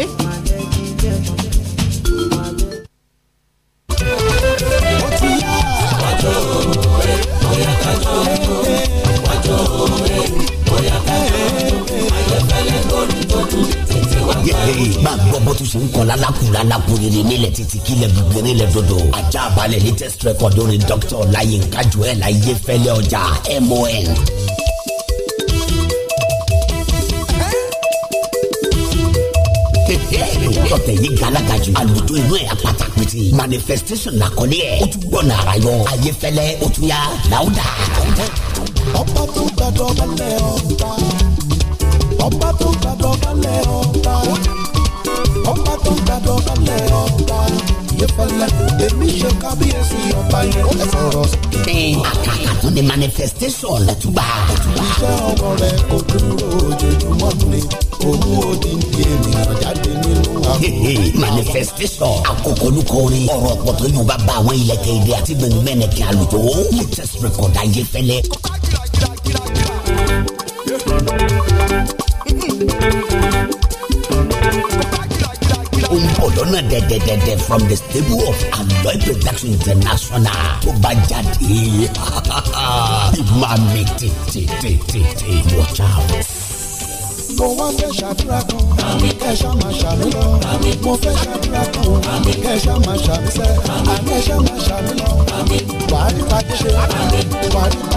ilẹ̀ títí kílẹ̀ gbígbéré lẹ̀ dodo ajá balẹ̀ latest record orin Dr. Ọláyínká Joel Ayéfẹ́lẹ́ ọjà MON. tọ̀tẹ̀ yìí galaga jù àlùtò inú ẹ̀ apata pété manifestation làkọlé ẹ̀ o tún gbọ́nà ara yọ Ayéfẹ́lẹ́ o tún yà láwùdà. ọba tó gbàdọ̀ balẹ̀ ọ̀tá ọba tó gbàdọ̀ balẹ̀ ọ̀tá ọba tó ń gbàdọ̀ lọ́lẹ̀ ọba ìyẹ́fẹ́lẹ́ èmi ṣe kábíyèsí ọba yẹn ó lè sọ̀rọ̀. bẹ́ẹ̀ àkàkà tó ní manifestation lẹ́tùgbà. iṣẹ́ ọmọ rẹ̀ kò dúró ojoojúmọ́ ni owó odindi ènìyàn jáde nínú àkókò. manifestation àkókò olùkọrin ọ̀rọ̀ ọ̀pọ̀tọ́ yóò bá bá àwọn ilẹ̀ kéde àti gbẹ̀ngbẹ̀nẹ̀kẹ́ àlùjọ latest record ayẹ́fẹ́lẹ́. Thank you ó ń bọ̀ lọ́nà dẹ̀dẹ̀dẹ̀dẹ̀ from the stable of Aloy Production International tó bá jáde ìmọ̀ mi tètè watch out mo wá fẹ́ ṣàdúrà kan kẹ́sà máa ṣàmì lọ. mo fẹ́ ṣàdúrà kan kẹ́sà máa ṣàmì sẹ́. kẹ́sà máa ṣàmì lọ. wàá rí ta kí ṣe wàá rí ta.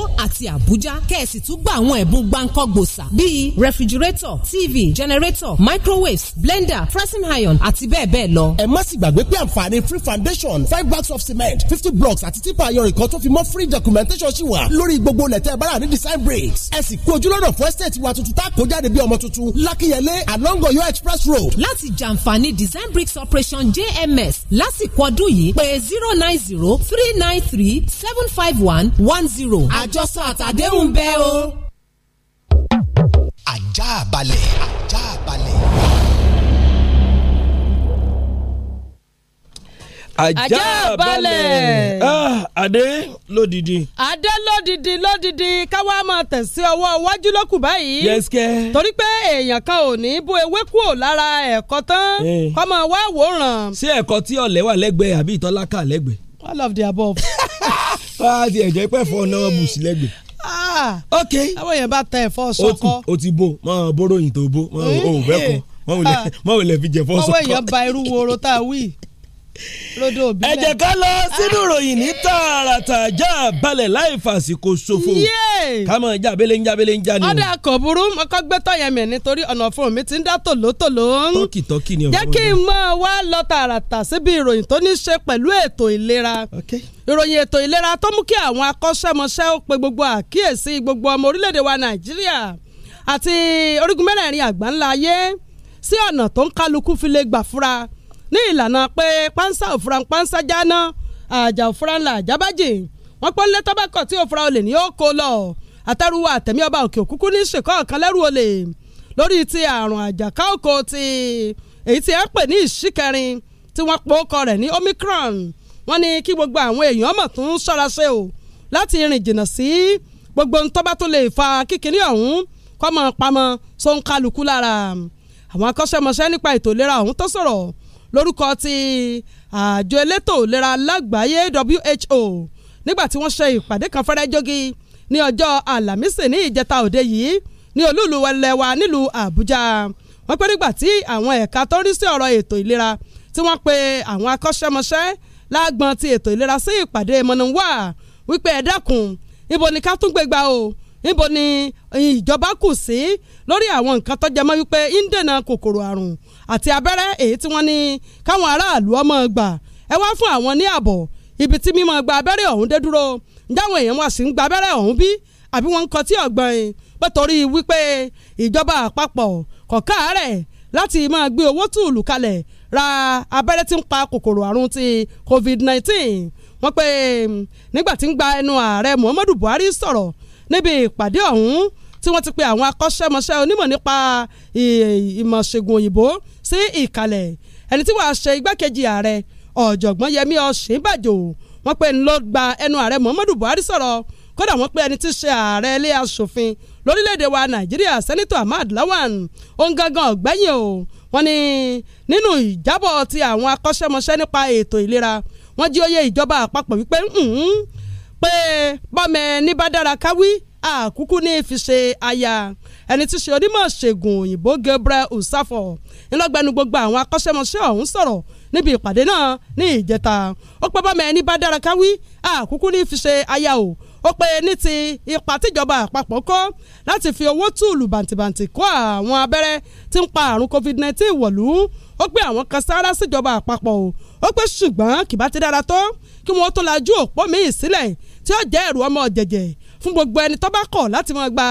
Èkó àti Àbújá kẹ̀sì tún gba àwọn ẹ̀bùn gbáǹkọ́ gbòòsà bíi rẹfrigirétọ̀ TV jẹnẹrétọ̀ microwave, blender pressing iron àti bẹ́ẹ̀ bẹ́ẹ̀ lọ. ẹ má sì gbàgbé pé àǹfààní free foundation five bags of cement fifty blocks àti tipa ayọ̀rìn kan tó fi mọ́ free documentation sí wa lórí gbogbo lẹ́tẹ̀ bára ní design bricks ẹ sì kú ojúlọ́nà fún estate wa tuntun tá a kó jáde bí ọmọ tuntun lákìyẹlé along Ọ̀yọ́ express road. láti jàǹfààní design bricks operation JMS lásìkò ọdún yìí pé zero nine zero three nine three seven five one one zero àjọsọ àtàdéhùn bẹ́ẹ̀ o. ajá balẹ̀ ajá balẹ̀. ajá balẹ̀. Ah, adé lódìdí. adé lódìdí lódìdí káwá máa tẹ̀sí ọwọ́ iwájú lókù báyìí. yẹ́sìkẹ́. torí pé èèyàn kan ò ní bó ewé kúrò lára ẹ̀kọ́ tán eh. kọ́mọ wá wòran. ṣé ẹ̀kọ́ tí ọ̀lẹ́ wà lẹ́gbẹ̀ẹ́ àbí ìtọ́lá kà lẹ́gbẹ̀ẹ́ all of the above. a ah, ti ẹ̀jẹ̀ pẹ́ fọ́ náà bù sílẹ̀gbẹ̀. Ah. ok àwọn yẹn bá tẹ ẹ̀fọ́ sọkọ. o ti bo mọ bóròyìn tó bo mọ eh. òun bẹ́ẹ̀ kọ mọ òun lẹ ah. fi jẹ fọ́ sọkọ. ọwọ́ èèyàn ba irú woro tá a wí ẹ jẹ́ ká lọ sínú ìròyìn ní tààràtà já balẹ̀ láì fàsìkò ṣòfò ká mọ̀ jábélé ń jábélé ń já ni. ọ̀dà kò burú mo gbé tọ̀yẹ̀ mi nítorí ọ̀nà fún mi ti ń dá tòlótòló. tọ́kì tọ́kì ni ọ̀rọ̀ jẹ́ kí n máa wá lọ tààràtà síbi ìròyìn tó ní ṣe pẹ̀lú ètò ìlera. Okay ìròyìn ètò ìlera tó mú kí àwọn akọ́ṣẹ́mọṣẹ́ ó pe gbogbo àkíyèsí gbogbo ọmọ orílẹ̀-èdè wa nàìjíríà àti orígun mẹ́rẹ̀ẹ̀rin àgbáńlá ayé sí ọ̀nà tó ń kálukú fi lè gbà fúra ní ìlànà pé pánsá òfura pánsá jáná àjà òfura ńlá àjábájì wọ́n pọ́n lẹ́tọ́ bá kọ̀ tí òfura olè ní ó kó lọ àtàrúwọ àtẹ̀mí ọba òkè òkúkú ní ṣèkọ́ ọ̀kan lẹ́rù olè lórí ti àrùn àjàká òkò ti èyí tí ẹ pè ní ìṣíkẹrin tí wọ́n pò kọ rẹ̀ ní Omicron wọ́n ní kí gbogbo àwọn èèyàn mọ̀ tún ṣọ́ra ṣe o láti rìn jìnnà sí gbogbo ntọ́ba tó lè fa kíkiní ọ̀hún kọ́mọ pamọ́ sóńkálukú lára àwọn akọ́ṣẹ́mọṣẹ́ nípa ètò ọ̀hún tó sọ̀rọ̀ lórúkọ ti àjọ elétò ìlera lágbàáyé WHO nígbà tí wọ́n ṣe ìpàdé kan fẹ́rẹ́ jogi ní ọjọ́ àlàmísì ní ìjẹta òde yìí ní olúùlú ẹlẹ́wà nílùú Àbújá wọ́n pé nígbà tí àwọn ẹ̀ka tó ń rí sí ọ̀rọ̀ ètò ìlera tí wọ́n pe àwọn akọ́ṣẹ́mọṣẹ́ lágbọ́n ti ètò ìlera sí ìpàdé mọ̀nàwá wípé ẹ dákun ibo ni ká tún gbé gbà o níbo ni ìjọba kù sí lórí àwọn nǹkan tó jẹmọ́ wípé ń dènà kòkòrò àrùn àti abẹ́rẹ́ èyí tí wọ́n ní káwọn aráàlú ọmọ gbà ẹ wá fún àwọn ní ààbọ̀ ibi tí mímọ gba abẹ́rẹ́ ọ̀hún dé dúró ǹjẹ́ àwọn èèyàn wọn sì ń gba abẹ́rẹ́ ọ̀hún bí àbí wọ́n ń kọtí ọ̀gbọ́n pé torí wípé ìjọba àpapọ̀ kọ̀ọ̀ká rẹ̀ láti máa gbé owó tùlù kalẹ̀ ra abẹ́rẹ́ tí ń pa kòkòrò àrùn ti COVID-19 wọ́n pé mm, nígbà tí ń gba ẹnu ààrẹ Muhammadu Buhari sọ̀rọ̀ níbi ìpàdé ọ̀hún tí wọ́n ti pe àwọn akọ́ṣẹ́mọṣẹ́ onímọ̀ nípa ìmọ̀ ṣègùn òyìnbó sí ìkàlẹ̀ ẹni tí wàá ṣe igbákejì ààrẹ ọ̀jọ̀gbọ́n yẹmí ọ̀ṣínbàjò wọ́n pé ńlọ gba ẹnu ààrẹ muhammadu buhari sọ̀rọ̀ kódà wọ́n pé ẹni tí ṣe ààrẹ ilé asòfin lórílẹ̀‐èdè wa nàìjíríà sẹ́nitọ̀ ahmad lawan òun gangan ọ̀gbẹ́yìn o wọ́n ní nínú ìjábọ̀ ti àwọn akọ́ṣẹ́mọṣẹ́ nípa ètò ìlera wọ́n jí oyè ìjọba àpapọ̀ wípé pé bọ́mẹ ní bá dára káwí àkúkú ní fi ṣe aya ẹni tí ṣe onímọ̀ ṣègùn òyìnbó gebre Usafo ńlọgbẹnu gbogbo àwọn akọ́ṣẹ́mọṣẹ́ ọ̀hún sọ̀rọ̀ níbi ìpàdé náà ní ìjẹta ó pẹ́ bọ́mọ ẹni bá dára káwí àkúkú ní fi ṣe aya o ó pé ní ti ipa tíjọba àpapọ̀ kọ́ láti fi owó túùlù bàǹtìbàǹtì kó àwọn abẹ́rẹ́ tí ń pa àrùn covid-19 wọ̀lú ó pé àwọn kan sáárá síjọba àpapọ̀ o ó pé ṣùgbọ́n kì ti dára tó kí wọ́n tó lajú òpó míì sílẹ̀ tí ó jẹ́ ẹ̀rù ọmọ jẹ̀jẹ̀ fún gbogbo ẹni tó bá kọ̀ láti máa gba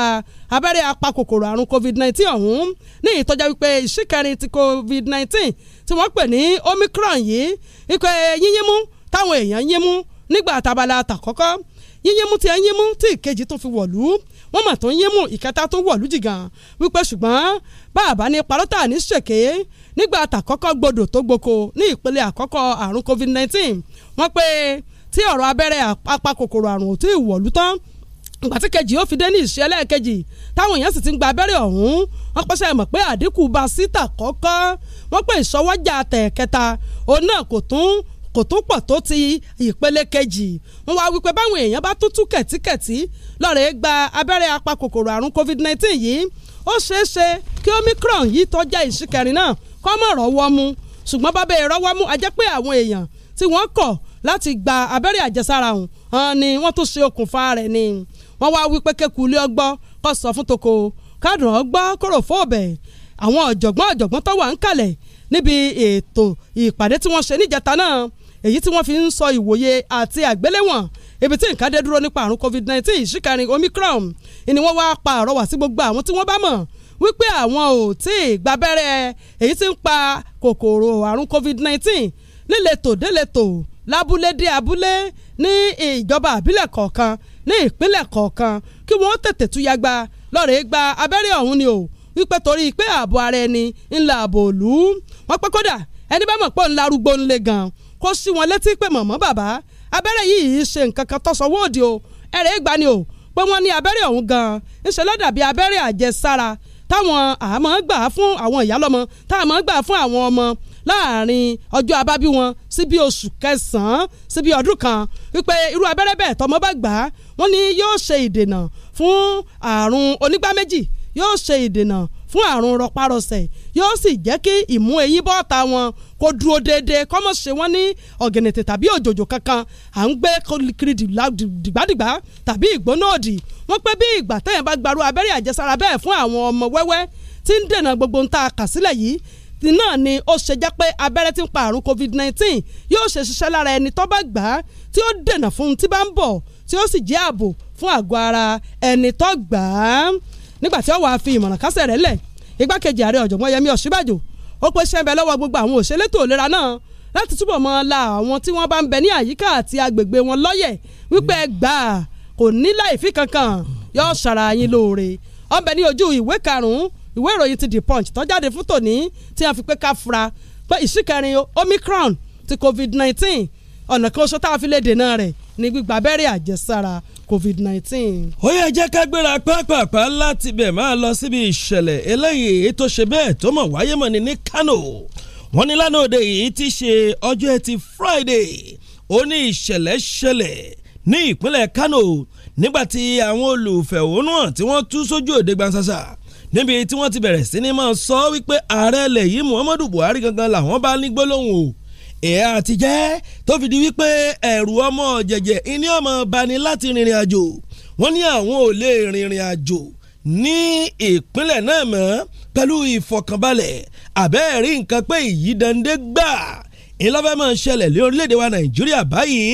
abẹ́rẹ́ apakòkòrò àrùn covid-19 ọ̀hún ní ìtọ́já wípé ìṣíkẹrin ti covid-19 tí wọ́n pè ní omicron yìí wípé yíyímú táwọn èèyàn yímú nígbà tabala tàkọ́kọ́ yíyímú tí ẹ yímú tí ìkejì tún fi wọ̀lú wọ́n mà tó ń yímú ìkẹta tó wọ̀lú jìgàn wípé ṣùgbọ́n bàbá ní parọ́tà ní ṣèké nígbà tàkọ́kọ́ gbọdọ̀ tó gboko ní ìpele àkọ́kọ́ àrùn covid-19 wọ́n pé tí ọ̀rọ̀ abẹ́rẹ́ apakòkòrò àrùn ò tí ì wọ̀lú tán gbàtí kejì ó fi dé ní ìṣẹ́lẹ̀ kejì táwọn èèyàn sì ti ń gba abẹ́rẹ́ ọ̀hún wọ́n pẹ́sẹ́ mọ̀ pé àdínkù bá síta kọ́kọ́ wọ́n pè ìṣọwọ́jà tẹ̀kẹta òun náà kò tún kò tún pọ̀ tó ti ìpele kejì wọ́n wá wípé báwọn èèyàn bá tún kẹ̀tíkẹ̀tí lọ́ọ̀rẹ́ gba abẹ́rẹ́ apakòkòrò àrùn covid-19 yìí ó ṣeé ṣe kí omicron yìí tó jẹ́ ìṣíkẹrin náà kọ́ mọ̀ rọ́wọ́ mu ṣùgbọ́n bábẹ́ rọ́wọ́ mu a àwọn èèyàn tí wọ́n kọ̀ láti gba abẹ́rẹ́ àjẹsára ọ̀hún hàn ni wọ́n tún ṣe okùnfà rẹ̀ ni wọ́n wá wí pé kéku ilé ọgbọ́ kó sọ fún toko kádùn ọgbọ́ kóró fóòbẹ̀ àwọn ọ̀jọ̀gbọ́n ọ̀jọ̀gbọ́n tó wà ń kalẹ̀ níbi ètò ìpàdé tí wọ́n ṣe níjẹta náà èyí tí wọ́n fi ń sọ ìwòye àti àgbéléwọ̀n ibi tí nǹkan dé dúró nípa àrùn covid-19 síkàrin omicron ni wọ́n wá pa àrọwà sí gbogbo àwọn tí wọ́n bá mọ̀ wípé àwọn ò tí ì gbabẹ́rẹ́ èyí tí ń pa kòkòrò àrùn covid-19 níletò déletò lábúlé dé abúlé ní ìjọba àbílẹ̀ kọ̀ọ̀kan ní ìpínlẹ̀ kọ̀ọ̀kan kí wọ́n tètè túyàgbá lọ́ọ̀rẹ́ gba abẹ́rẹ́ ọ̀hún ni o wípé torí pé ààbò ara ẹni ńlá ààbò òlú wọn pẹ́ kódà ẹni bá mọ̀ pé òun larúgbó ńlẹ̀ gan kó sí wọn létí pé mọ̀mọ́ bàbá abẹ́rẹ́ yìí ṣe nǹkan kan tọ́sọ wóòdì o ẹ̀rẹ́ ìgbà ni o pé wọ́n ní abẹ́rẹ́ ọ̀hún gan ńṣe ló dàbí abẹ́rẹ́ àjẹsára táwọn àmọ́ gbà fún àwọn ìyálọ́mọ táwọn gbà fún àwọn ọmọ láàrin ọjọ́ abábí wọn sí bí oṣù kẹsàn-án sí bí ọdún kan wípé irú abẹ́rẹ́ bẹ́ẹ̀ tọmọ bá gbà á wọ́n ní yóò ṣe ìdènà fún àrùn onígbá méjì yóò ṣe ìdènà fún àrùn rọpárọsẹ̀ yóò sì jẹ́ kí ìmú eyín bọ́ọ̀ta wọn kó dúró déédéé kọ́mọ̀ ṣe wọ́n ní ọ̀gẹ̀nẹ̀tẹ̀ tàbí òjòjò kankan à ń gbé kiri dìgbàdìgbà tàbí ìgbóná òdì wọ́n pé bí ìgbà tẹ̀yìn bá gbarú abẹ́rẹ́ àjẹsára bẹ́ẹ̀ fún àwọn ọmọ wẹ́wẹ́ tí ń dènà gbogbo ń ta kà sílẹ̀ yìí náà ni ó ṣe jẹ́ pé abẹ́rẹ́ tí ń pa àrùn COVID-19 yóò ṣe ṣiṣẹ́ lára ẹni tó bá gbà á tí ó dènà fún tí bá ń bọ̀ tí ó sì jẹ́ ààbò fún àgọ́ ara ẹni tó gbà á nígbà tí ó wàá fi ìmọ̀ràn kásẹ̀ rẹ̀ lẹ̀ igbákejì ààrẹ ọ̀jọ̀gbọ́n Yẹmí Ọ̀ṣínbàjò ó pe ṣẹ́ńbẹ́ lọ́wọ́ gbogbo àwọn òṣèlétò ìlera náà láti túbọ̀ mọ́ la àwọn tí wọ́n bá ń bẹ ní àyíká àti agbègbè wọn lọ́yẹ̀ wípé gbà kò ní láìfi kankan yóò ṣara yín lóore ó ní ojú ìwé karùn-ún ìwé ìròyìn ti The Punch tó jáde fún tòní tí a fi pé ká fura pé ìṣíkẹrin Omicron ti COVID-19 ọ̀nà kan ṣo tá a fi lè dènà rẹ̀ ní gbígba abẹ́rẹ́ àjẹsára covid-19. ó yẹ jẹ́ ká gbéra pápápá láti bẹ̀ máa lọ síbi ìṣẹ̀lẹ̀ eléyìí tó ṣe bẹ́ẹ̀ tó mọ̀ wáyé mọ̀ ní ní Kano wọ́n ní lánàá òde yìí ti ṣe ọjọ́ ẹtì Friday ó ní ìṣẹ̀lẹ̀ ṣẹlẹ̀ ní ìpínlẹ̀ Kano nígbà tí àwọn olùfẹ̀hónúhàn tí wọ́n tú sójú òde gbansasa níbi tí wọ́n ti bẹ̀rẹ̀ sí ni máa sọ wípé ààrẹ ilẹ̀ yìí Muhammadu Buhari gangan làwọn bá ní gbólóhùn o ẹ̀ àtijẹ́ tó fi di wípé ẹ̀rù ọmọ jẹ̀jẹ̀ iní ọmọ bani láti rìnrìn àjò wọ́n ní àwọn ò lè rìnrìn àjò ní ìpínlẹ̀ náà mọ́ pẹ̀lú ìfọ̀kànbalẹ̀ àbẹ́ẹ̀rí nǹkan pé ìyídande gbàá ìlọ́fẹ́ máa ń ṣẹlẹ̀ lé orílẹ̀-èdè wa nàìjíríà báyìí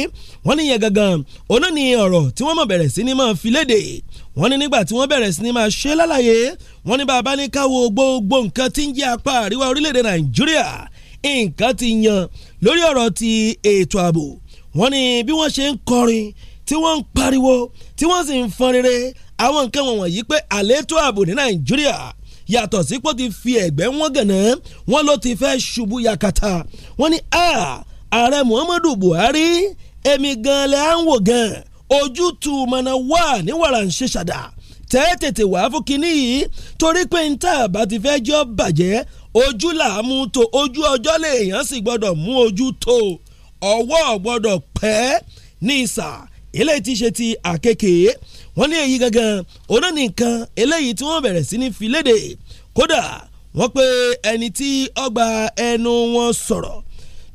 wọ́n níyẹn gangan ọ̀nà ni ọ̀rọ̀ tí wọ́n máa bẹ̀rẹ̀ sí ni máa fi léde wọ́n ní nígbà tí wọ́n bẹ̀rẹ̀ sí ni máa ṣe lálàyé wọ́n ní bàbá ní káwo gbogbo nǹkan tí ń jẹ́ apá àríwá orílẹ̀-èdè nàìjíríà nǹkan ti yan lórí ọ̀rọ̀ ti ètò ààbò wọ́n ní bí wọ́n ṣe ń kọrin tí wọ́n ń pariwo tí wọ́n sì ń fọn rere àwọn nǹkan wọ̀nyí pé àlétò ààbò ní nàìjíríà yàtọ̀ sí ti fi ẹ̀gbẹ́ wọn gànà wọn ló ti fẹ́ ṣubú yakata wọ́n ní ààrẹ muhammadu buhari èmi gan-an lẹ́ à ń wò gan-an ojútùú mọ̀nà wà ní wàràǹṣe ṣàdá tẹ́ tètè wá fún kinní yìí torí pé n tá a bá ti fẹ́ jọ́ bàjẹ́ ojú làámú tó ojú ọjọ́ lèèyàn sì gbọ́dọ̀ mú ojú tó ọwọ́ gbọ́dọ̀ pẹ́ ní ìsà eléyìí ti ṣe ti àkekèé wọ́n ní èyí gangan ọ̀nà nìkan eléyìí tí wọ́n bẹ̀rẹ̀ sí ní fi kódà wọ́n pe ẹni tí ọgbà ẹnu wọn sọ̀rọ̀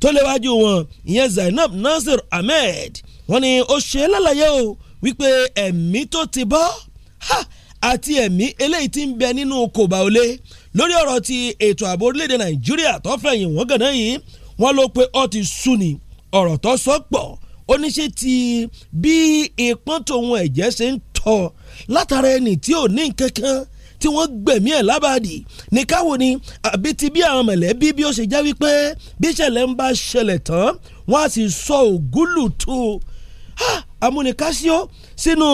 tó léwájú wọn ìyẹn Zainab Nasir Ahmed wọ́n ní ó ṣe lálàyé o wípé ẹ̀mí tó ti bọ́ àti ẹ̀mí eléyìí ti ń bẹ nínú kòbá olé lórí ọ̀rọ̀ ti ètò ààbò orílẹ̀-èdè nàìjíríà tó fẹ̀yìn wọ́n gànà yìí wọ́n ló pé ó ti sú ni ọ̀rọ̀ tó sọ pọ̀ oníṣe ti bí ìpọ́n tòun ẹ̀jẹ̀ ṣe ń tọ̀ látara ẹni tí ò ní nǹkan tí wọ́n gbẹ̀mí ẹ̀ lábàdì ní káwo ni àbí ti bí àwọn mọ̀lẹ́bí bí ó ṣe jẹ́ wípé bí ìṣẹ̀lẹ̀ ń bá ṣẹlẹ̀ tán wọ́n á sì sọ ògúlù tó o amúnikásíọ́ sínú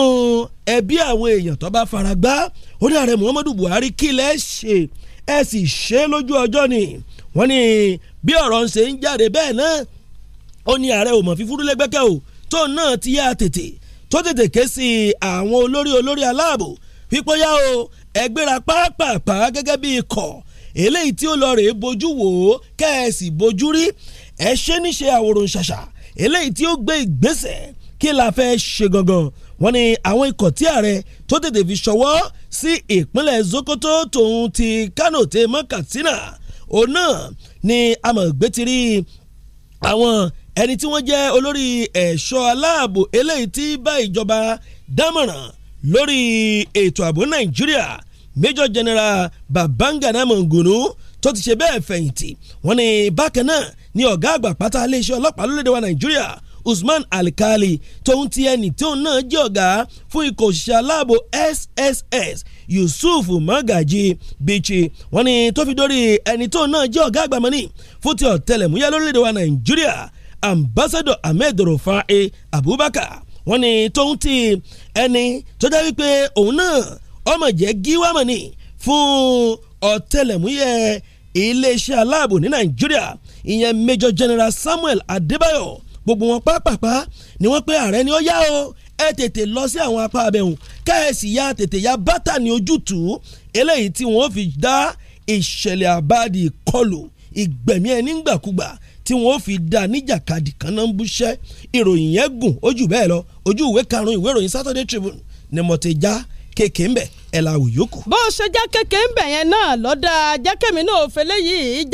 ẹbí àwọn èèyàn tó bá fara gbá ó ní ààrẹ Muhammadu Buhari kí lẹ́ ṣe ẹ sì ṣe lójú ọjọ́ ni wọ́n ní bí ọ̀rọ̀ ń ṣe ń jáde bẹ́ẹ̀ náà ó ní ààrẹ ò mọ̀ fífúrú lẹ́gbẹ́kẹ́ o tó náà ti yá tètè tó tètè ké sí àwọn olórí olórí aláàbò pípọ́ yá o ẹgbẹ́ra pàápàá gẹ́gẹ́ bí ikọ̀ eléyìí tí ó lọ rèé bojú wò ó kẹ́ẹ̀sì bojú rí ẹ ṣe níṣe àwòrán ṣàṣà eléyìí tí ó gbé ìgbésẹ̀ kí la fẹ́ ṣe gangan wọ́n ní àwọn ikọ̀ tí ààrẹ tó tètè fi ṣọwọ́ sí ìpínlẹ̀ Sokoto tòun ti Kano tè mọ́ Katsina òun náà ni amọ̀gbé ti rí àwọn ẹni tí wọ́n jẹ́ olórí ẹ̀ṣọ́ aláàbò eléyìí tí bá ìjọba dámọ̀ràn lórí ètò ààbò Nàìjíríà Major General Babangana Mangunu tó ti ṣe bẹ́ẹ̀ fẹ̀yìntì wọ́n ní bákan náà ni ọ̀gá àgbà pátá iléeṣẹ́ ọlọ́pàá lórílẹ̀ Nàìjíríà Usman Alkali tóun ti ẹnì tóun náà jẹ́ ọ̀gá fún ikọ̀ òṣìṣẹ́ aláàbò SSS Yusuf Magaji Bichi wọ́n ní tó fi dórí ẹni tóun náà jẹ́ ọ̀gá àgbàmọ́ni fún ti ọ̀tẹlẹ̀múyẹ́ lórílẹ̀ wa Nàìjíríà ambassadọ Ahmed Rufai Abubakar wọ́n ní tóun ti ẹni tó jẹ́ wípé òun náà ọmọ jẹ́ gíwámọ̀ ni fún ọ̀tẹlẹ̀múyẹ́ iléeṣẹ́ aláàbò ní Nàìjíríà ìyẹn Major General Samuel Adébáyọ̀ gbogbo wọn pápápá ni wọ́n pé ààrẹ ni ó yá o ẹ tètè lọ sí àwọn apá abẹ́hùn kẹ́ẹ̀sì ya tètè ya bátà ní ojútùú eléyìí tí wọ́n fi dá ìṣẹ̀lẹ̀ àbáàdì ìkọlù ìgbẹ̀mí ẹni gbàkúgbà tí wọ́n fi dá níjàkadì kan náà ń búṣẹ́ ìròyìn yẹn gùn ojú bẹ́ẹ̀ lọ ojú ìwé karùn-ún ìwé ìròyìn Saturday Tribune ni mo ti já kéèké ń bẹ̀ ẹ̀ la wò yòókù. bó ṣe já kéèké ń bẹ̀ yẹn náà lọ́dà jákèmí náà òfèlè yìí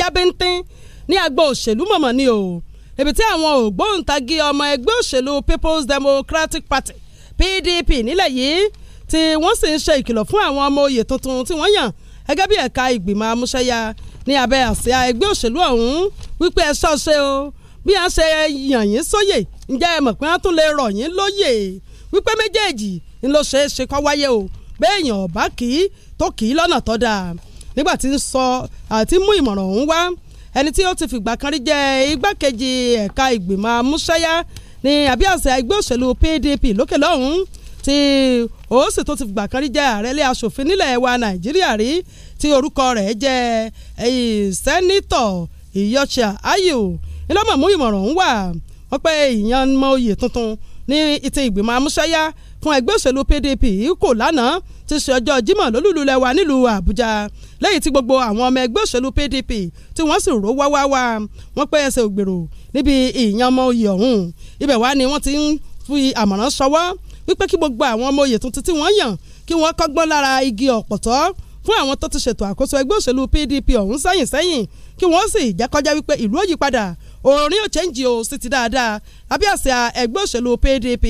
ní agbo òṣèlú mọ̀mọ́ ni o níbi tí àwọn ògbóǹtagì ọmọ ẹgbẹ́ òṣèlú People's Democratic Party PDP nílẹ̀ yìí tí wọ́n sì ń ṣe ìkìlọ̀ fún àwọn ọmọ oyè tuntun tí wọ́n yàn gẹ́gẹ́ bí ẹ̀ka ìgbìmọ̀ amúṣẹ́yà ní abẹ́ àsíá ẹgbẹ́ òṣèlú ọ̀hún wípé ẹ ṣọ́ṣe o bí a ṣe yàn yín sóyè ǹjẹ́ ẹ mọ̀ pé wọ́n tún lè rọ̀ yín lóyè wípé méjèèjì ń lọ ṣe é ṣe kó wáyé o béèyàn ọ̀bá kì í tó kì í lọ́nà tó dáa nígbà tí ń sọ àti mú ìmọ̀ràn ọ̀hún wá ẹni tí ó ti fìgbà kan rí jẹ́ igbákejì ẹ̀ka ìgbìmọ̀ amúṣẹ́yá ní abíàṣẹ ẹgbẹ́ òṣèlú PDP lókè lọ́hùn-ún tí ó sì tó ti fìgbà kan rí jẹ́ ààrẹ ilé aṣòfin nílẹ̀ wa Nàìjíríà rí tí orúkọ rẹ̀ jẹ́ sẹ́nítọ̀ Ìyọ̀chà Ayù ńlọ́mọ̀mú ìmọ̀ràn ń wà wọ́n pé ìyanmọ́ oyè tuntun ní ti ìgbìmọ̀ amúṣẹ́yá fún ẹgbẹ́ òṣèlú PDP kò lánàá ti ṣe ọjọ́ Jímọ̀ lólùlù lẹ́wà nílùú Àbújá lẹ́yìn tí gbogbo àwọn ọmọ ẹgbẹ́ òṣèlú PDP tí wọ́n sì ró wáwáwá wọ́n pẹ́ ẹsẹ̀ ògbèrò níbi ìyan ọmọ oyè ọ̀hún ibẹ̀ wá ni wọ́n ti ń fi àmọ̀ràn ṣọwọ́ wípé kí gbogbo àwọn ọmọ oyè tuntun tí wọ́n yàn kí wọ́n kọ́gbọ́n lára igi ọ̀pọ̀tọ́ fún àwọn tó ti ṣètò àkóso ẹgbẹ́ òṣèlú PDP ọ̀hún sẹ́yìn sẹ́yìn kí wọ́n sì jákọ́já wípé ìlú òyìpadà òòrùn yóò chẹ́ǹjì o sí ti dáadáa lábẹ́ àṣà ẹgbẹ́ òṣèlú PDP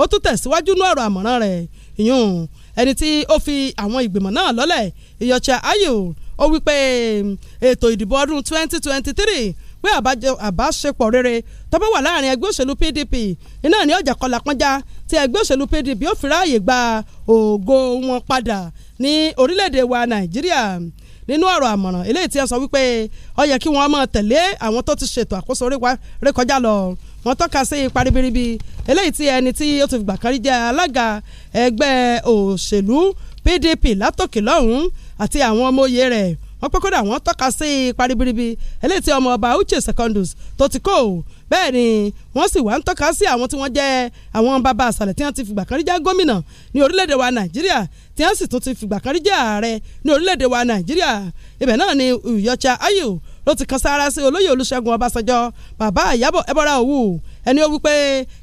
ó tún tẹ̀síwájú ní ọ̀rọ̀ àmọ̀ràn rẹ̀ ìyún ẹni tí ó fi àwọn ìgbìmọ̀ náà lọ́lẹ̀ ìyọ̀chà ayù ó wí pé hmm, ètò ìdìbò ọdún 2023 pé àbáṣepọ̀ rere tó bá wà láàrin ẹgbẹ́ òṣèlú PDP iná ní ọjà kọlà pọ́njá tí ẹgbẹ́ òṣèlú PDP ó fi ráàyè gba ògo wọn padà ní orílẹ̀-èdè wa Nàìjíríà nínú ọ̀rọ̀ àmọ̀ràn eléyìí tí ẹ sọ wípé ó yẹ kí wọ́n máa tẹ̀lé àwọn tó ti ṣètò àkóso rékọjá lọ wọ́n tọ́ka sí ipa ribiribi eléyìí tí ẹni tí ó ti gbà kan rí jẹ́ alága ẹgbẹ́ òṣèlú PDP látòkè lọ́hùn àti àwọn ọmọ oyè rẹ̀ wọ́n pẹ́ kódà wọ́n tọ́ka sí ipa ribiribi eléyìí tí ọmọ ọba Uche Secondus tó ti kó bẹ́ẹ̀ ni wọ́n sì wá ń tọ́ka sí àwọn tí wọ́n jẹ́ àwọn bàbá àṣàlẹ̀ tí wọ́n ti fìgbà kan rí jẹ́ gómìnà ní orílẹ̀-èdè wa Nàìjíríà tí wọ́n sì tún ti fìgbà kan rí jẹ́ ààrẹ ní orílẹ̀-èdè wa Nàìjíríà ibẹ̀ náà ni Uyocha Ayu ló ti kan sára sí olóyè olúṣẹ́gun ọbásanjọ́ bàbá ìyábọ̀ ẹbọra òwú ẹni ó wípé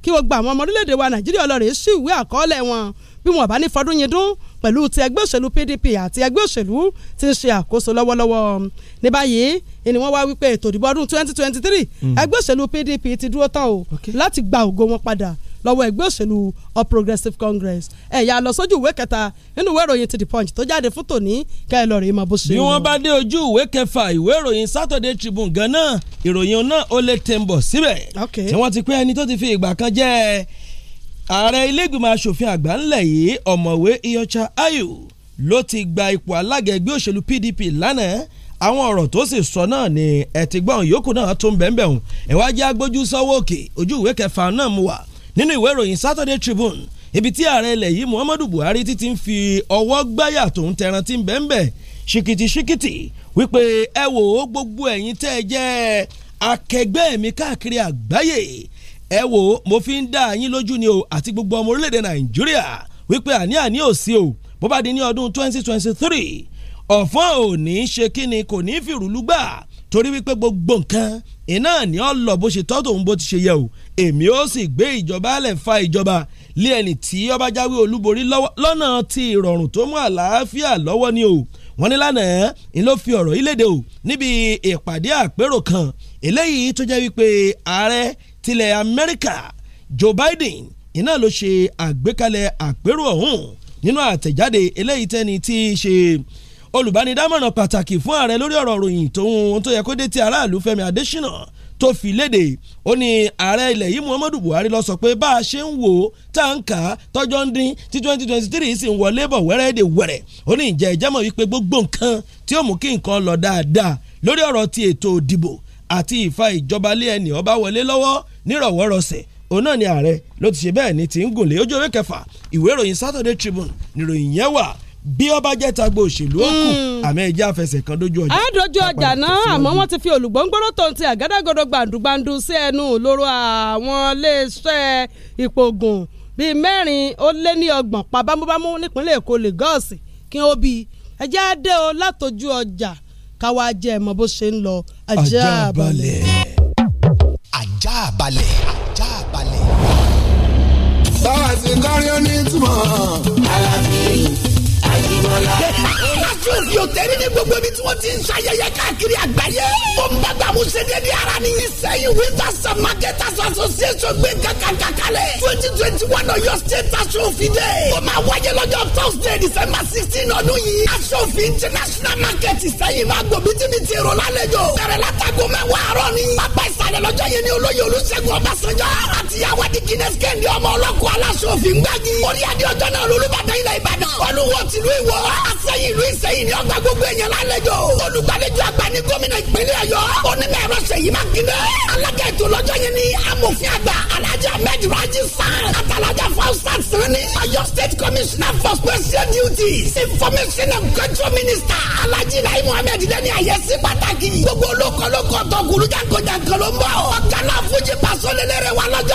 kí wọ́n gba àwọn ọmọ orílẹ̀-èdè wa nàìjíríà ọlọ́rẹ̀ sí ìwé àkọọ́lẹ̀ wọn bí wọn bá ní fọdún yín dún pẹ̀lú ti ẹgbẹ́ òṣèlú PDP àti ẹgbẹ́ òṣèlú tí ń ṣe àkóso lọ́wọ́lọ́wọ́ ní báyìí ni wọ́n wá wípé ètò ìdìbò ọdún twenty twenty three hmm. ẹgbẹ́ òṣèlú PDP ti dúró tán o láti gba ògo wọn padà lọ́wọ́ ẹgbẹ́ òṣèlú All Progressives Congress ẹ̀yà lọ ìwé kẹta nínú ìwé ìròyìn ti The Punch tó jáde fún tòní kẹ́lọ́ rèé máa bó ṣe. bí wọ́n bá dé ojú ìwé kẹfà ìwé ìròyìn Saturday Tribune gan náà ìròyìn náà ó lè tẹ̀ ń bọ̀ síbẹ̀ tí wọ́n ti pé ẹni tó ti fi ìgbà kan jẹ́ ààrẹ ilégbìmọ̀ asòfin àgbà ńlẹ̀ yìí ọ̀mọ̀wé Iyorchia Ayu ló ti gba ipò alága ẹgbẹ́ òṣèlú PDP lánàá àwọn ọ̀rọ̀ tó sì sọ náà ni ẹ̀tìgbọ́n yòókù náà tó ń bẹ̀ẹ̀bẹ̀hùn ẹ̀wájú agbójú sọ́wọ́ òkè ojú ìwé kẹfà náà mú wá nínú ìwé ìròyìn Saturday Tribune ibi tí ààrẹ ilẹ̀ yìí Muhammadu Buhari ti ti ń fi ọwọ́ gbáyà tó ń tẹran tí ń bẹ́ẹ̀ bẹ́ẹ̀ ṣìkìtì ṣìkìtì wípé ẹ wò ó gbogbo ẹ̀yin tẹ́ ẹ jẹ́ akẹgbẹ́ mi káàkiri àgbáyé ẹ wò ó mo fi ń dá yín lójú ni o àti gbogbo ọmọ orílẹ̀-èdè Nàìjíríà wípé àní àní ò sí o bó bá di ní ọdún 2023 ọ̀fọ́n ò ní í ṣe kíni kò ní í fìrùlú gbà torí wípé gbogbo nǹkan iná ni ó lọ bó ṣe tọ́ tòun bó ti ṣe yẹ o èmi ó sì gbé ìjọba alẹ̀ fa ìjọba lé ẹni tí ọba jáwé olúborí lọ́nà tí ìrọ̀rùn tó mú àlàáfíà lọ́wọ́ ni o wọ́n ní lánàá ń ló fi ọ̀rọ̀ yìí léde o níbi ìpàdé àpérò kan eléyìí tó jẹ́ wípé ààrẹ tilẹ̀ Amẹ́ríkà Joe Biden iná ló ṣe àgbékalẹ̀ àpérò ọ̀hún nínú àtẹ̀jáde eléyìí tẹ́ni tí í ṣe olùbánidámọ̀ràn pàtàkì fún ààrẹ lórí ọ̀rọ̀ ròyìn tóun tó yẹ kó dé ti aráàlú Fẹ́mi Adésínà tó fi léde ó ní ààrẹ ilẹ̀ yìí Muhammadu Buhari lọ sọ pé bá a ṣe ń wò ó tá à ń kà á tọ́jọ́ ń dín tí twenty twenty three sì ń wọlé bọ̀ wẹ́rẹ́ èdè wẹ̀rẹ̀ ó ní ìjẹ́ ìjẹ́mọ̀ wípé gbogbo nǹkan tí ó mú kí nǹkan lọ dáadáa lórí ọ̀rọ̀ ti ètò ìdìbò àti ìfa ìjọba lé ẹni ọba wọlé lọ́wọ́ nírọ̀wọ́rọ̀sẹ̀ òun náà ni ààrẹ ló ti ṣe bẹ́ẹ̀ ni ti ń gùn lé ojú ewé kẹfà ìwé ìròyìn Saturday Tribune níròyìn yẹn wà bí ọba jẹ́ tagbo òṣèlú ó kù hmm. àmọ́ ẹja àfẹsẹ̀ kan dojú ọjà. á dojú ọjà náà àmọ́ wọ́n ti fi olùgbòǹgbòrò tó ti àgádágodo gbàǹdùgbàǹdù sí ẹnu òlóró àwọn iléeṣẹ́ ìpògùn bíi mẹ́rin ó lé ní ọgbọ̀n pa bámúbámú nípínlẹ̀ èkó Lagos kí ó bí ẹja dé o látọjú ọjà káwa jẹ́ mọ bó ṣe ń lọ ajá balẹ̀. ajá balẹ̀ ajá balẹ̀. bá a ti kọ́rí ó ní túmọ̀ àlàfíì àjùmọ̀lá. alájọ òfin òtẹ́rì ní gbogbo ibi tí wọ́n ti ń ṣayẹyẹ káàkiri àgbáyé. ó ń bàbá mu ṣe dédé ara ní ìsẹ́yìn winters and marketers association gbé kankanka kalẹ̀. twenty twenty one ọ̀yọ́ state aṣọ òfin dẹ̀. ó máa wáyé lọ́jọ́ thursday december sixteen ọdún yìí. aṣọ òfin international market ìsẹ́yìn máa gbòbí tíbi ti rò lálejò. bẹ̀rẹ̀ látago mẹ́wàá àárọ̀ ni. pápá ìsàlẹ̀ lọ́jọ́ yẹn ni olóyè olùṣègùn ọbásanjọ́ àtìyàwó adìgínẹ́sì kẹ́ndé ọmọ ọlọ́kùn aláṣọ òfin gbági. orí adé ọjọ́ náà lolúbàdàn ilẹ̀ ìbàdàn. olúwo ti ìlú ìwọ àsẹyìn ìlú ìsẹyìn ni ọgbà gbogbo èèyàn lálejò olùgbàlejò àgbà ní gómìnà ìpínlẹ̀ ọ̀yọ́ onímọ̀-ẹ̀rọ ṣèyí mákindé alága ètò lọ́jọ́ yẹn ni amòfin wà lọ́jọ́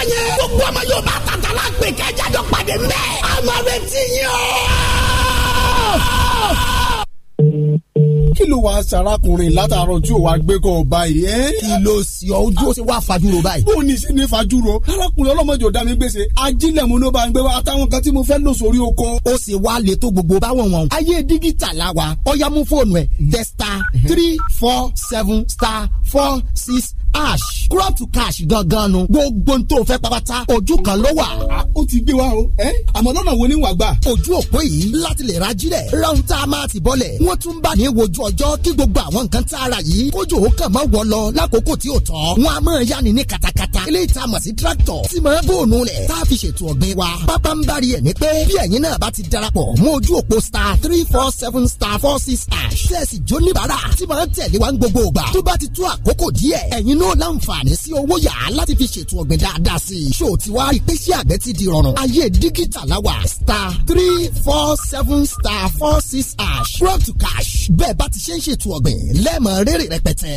yẹn gbogbo ọmọ yóò bá tàtàlá pè kẹjá jọ pàdé mẹ́ àmọ́ retí yín o kí ló wàá sàrákùnrin látàárọ̀ tí o wàá gbé kọ́ ọ báyìí ẹ́. kí ló sì ọ ojú ó ṣe wá fajúro báyìí. bó o ní sí ní fajúro arákùnrin ọlọ́mọdé ò dá mi gbèsè ajílẹ̀ mo ló bá ń gbé wa àtàwọn kan tí mo fẹ́ lò sórí oko. ó sì wá lè tó gbogbo báwọn wọn. ayé dígítà la wa ọ̀yá fóònù ẹ̀ tẹ star three four seven star four six ash crop to cash gangan nu gbogbo n tó fẹ́ pàpàtà ojú kan ló wà. ó ti gbé wa o ẹ àmọ́ lọ́nà wo ni wàá gbà. ojú òpó yìí láti lè ra jílẹ̀ ráhùn tá a máa ti bọ́lẹ̀ wọ́n tún bá ní wojú ọjọ́ kí gbogbo àwọn nǹkan tá a rà yìí kójú ó kàn máa wọ lọ lákòókò tí ò tọ́ wọn a máa yáni ní katakata eléyìí tá a sí tractor tí máa bóònù rẹ̀ tá a fi ṣètò ọ̀gbìn wa pápá ń bari ẹ̀ ní pé bí ẹ̀yin náà bá ti darapọ̀ mọ́ ojú òpó star three four seven star four six hash tẹ̀sí jóníbàárà tí máa ń tẹ̀lé wa ń gbogbo ògbà tó bá ti tó àkókò díẹ̀ ẹ̀yin náà yóò láǹfààní sí owó yá láti fi ṣètò ọ̀gbìn dáadáa sí i. ṣó ti wá ìpèsè àgbẹ̀ ti di rọrùn. ayé dígítà láwà star three four seven star four six hash crop to cash bẹ́ẹ̀ bá ti ṣe ń ṣètò ọ̀gbìn lẹ́ẹ̀mọ rere rẹpẹtẹ.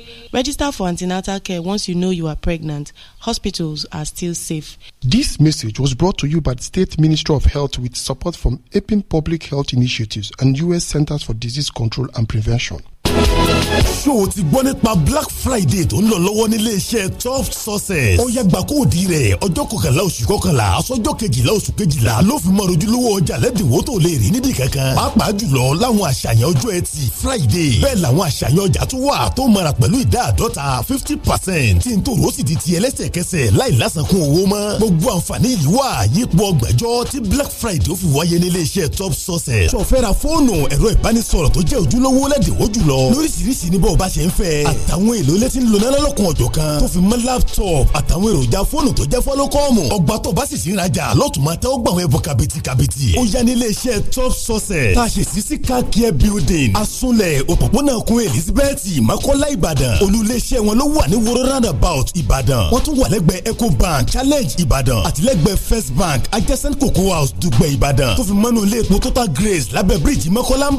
Register for antenatal care once you know you are pregnant. Hospitals are still safe. This message was brought to you by the State Ministry of Health with support from APIM Public Health Initiatives and U.S. Centers for Disease Control and Prevention. ṣó o ti gbọ́ nípa black friday tó ń lọ lọ́wọ́ nílé iṣẹ́ top success. ó yá gbà kóòdì rẹ̀ ọjọ́ kọkànlá oṣù kọkànlá aṣọ́jọ́ kejìlá oṣù kejìlá ló fi mọ ojúlówó ọjà lẹ́dínwó tó lè rí níbi kankan. pàápàá jùlọ láwọn àṣàyàn ọjọ́ ẹtì friday bẹ́ẹ̀ làwọn àṣàyàn ọjà tó wà tó mara pẹ̀lú ìdá àdọ́ta fifty percent tí n tó rò sì di ti ẹlẹ́sẹ̀kẹsẹ̀ láì lásàkún owó mọ́. gbogbo àǹfààní yìí wà yípo ọgbẹ̀jọ́ tí black friday ó fi wáyé nílé iṣẹ́ top success. sọfẹ́ra fóònù ẹ̀rọ ìbánisọ̀rọ̀ tó jẹ́ ojúlówó lẹ́dínwó jùlọ lóríṣiríṣi ní bọ́ọ̀ bá ṣe ń fẹ́. àtàwọn èlò ilé tí ń lona lọ́lọ́kun ọ̀jọ̀ kan tó fi mọ́ laptop àtàwọn èròjà fóònù tó jẹ́ fọ́lọ́kọ́ọ̀mù ọgbà tó bá sì sí ìrajà lọ́tùmọ̀ tẹ́ ó gbà wọn ẹ̀bùn kàbìtì kàbìtì. ó yá ní iléeṣẹ́ top success tá a ṣe sí sí car building asunlẹ̀ òpópónà kun elizabeth makola ìbàdàn olùléeṣẹ́ wọn ló wà ní woro roundabout ìbàdàn wọ́n tún wà lẹ́gbẹ̀ẹ́ eco challenge ìbàdàn àtìlẹ́gbẹ̀ẹ́ first bank adjacent cocoa house dùgbẹ̀ ìbàdàn tó fi mọ́nú ilé grace lábẹ́ bíríìjì makola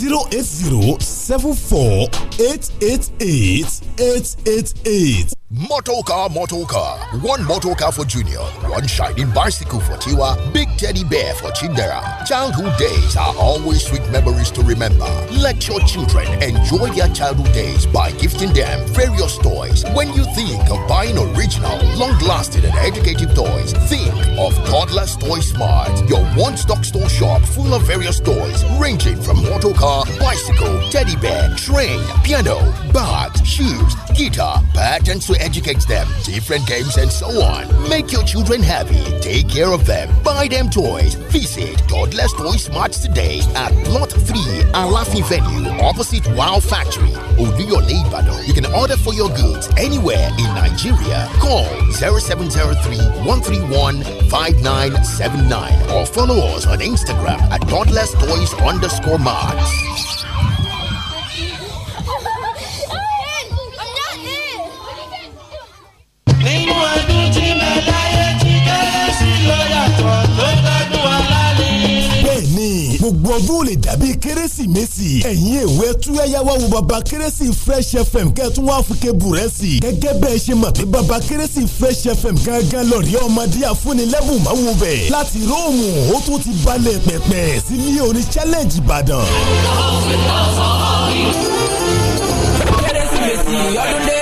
zero eight zero seven four eight eight eight eight eight eight. Motor car, motor car. One motor car for Junior, one shining bicycle for Tiwa, big teddy bear for Chindera. Childhood days are always sweet memories to remember. Let your children enjoy their childhood days by gifting them various toys. When you think of buying original, long lasting, and educative toys, think of Toddler's Toy Smart, your one stock store shop full of various toys ranging from motor car, bicycle, teddy bear, train, piano, bags, shoes, guitar, pet, and so educates them, different games, and so on. Make your children happy. Take care of them. Buy them toys. Visit Toddler's Toys Mart today at Plot 3 laughing Venue opposite Wow Factory, Oduyole, Ibadan. You can order for your goods anywhere in Nigeria. Call 0703 131 5979 or follow us on Instagram at Toddler's Toys underscore Marks. ọdún ò lè dàbí kérésìmesì ẹ̀yin èwe túyáyáwá wo baba kérésì fresh fm kẹ́tún wá fún kébù rẹ̀ sí i gẹ́gẹ́ bẹ́ẹ̀ ṣe mọ̀ pé baba kérésì fresh fm gángan lọ́ọ̀rì ọmọdé àfúnilẹ́bùn máa wo bẹ̀ láti róòmù ó tún ti balẹ̀ pẹ̀pẹ̀ sílé orin challenge ìbàdàn. kérésìmesì ọdún dé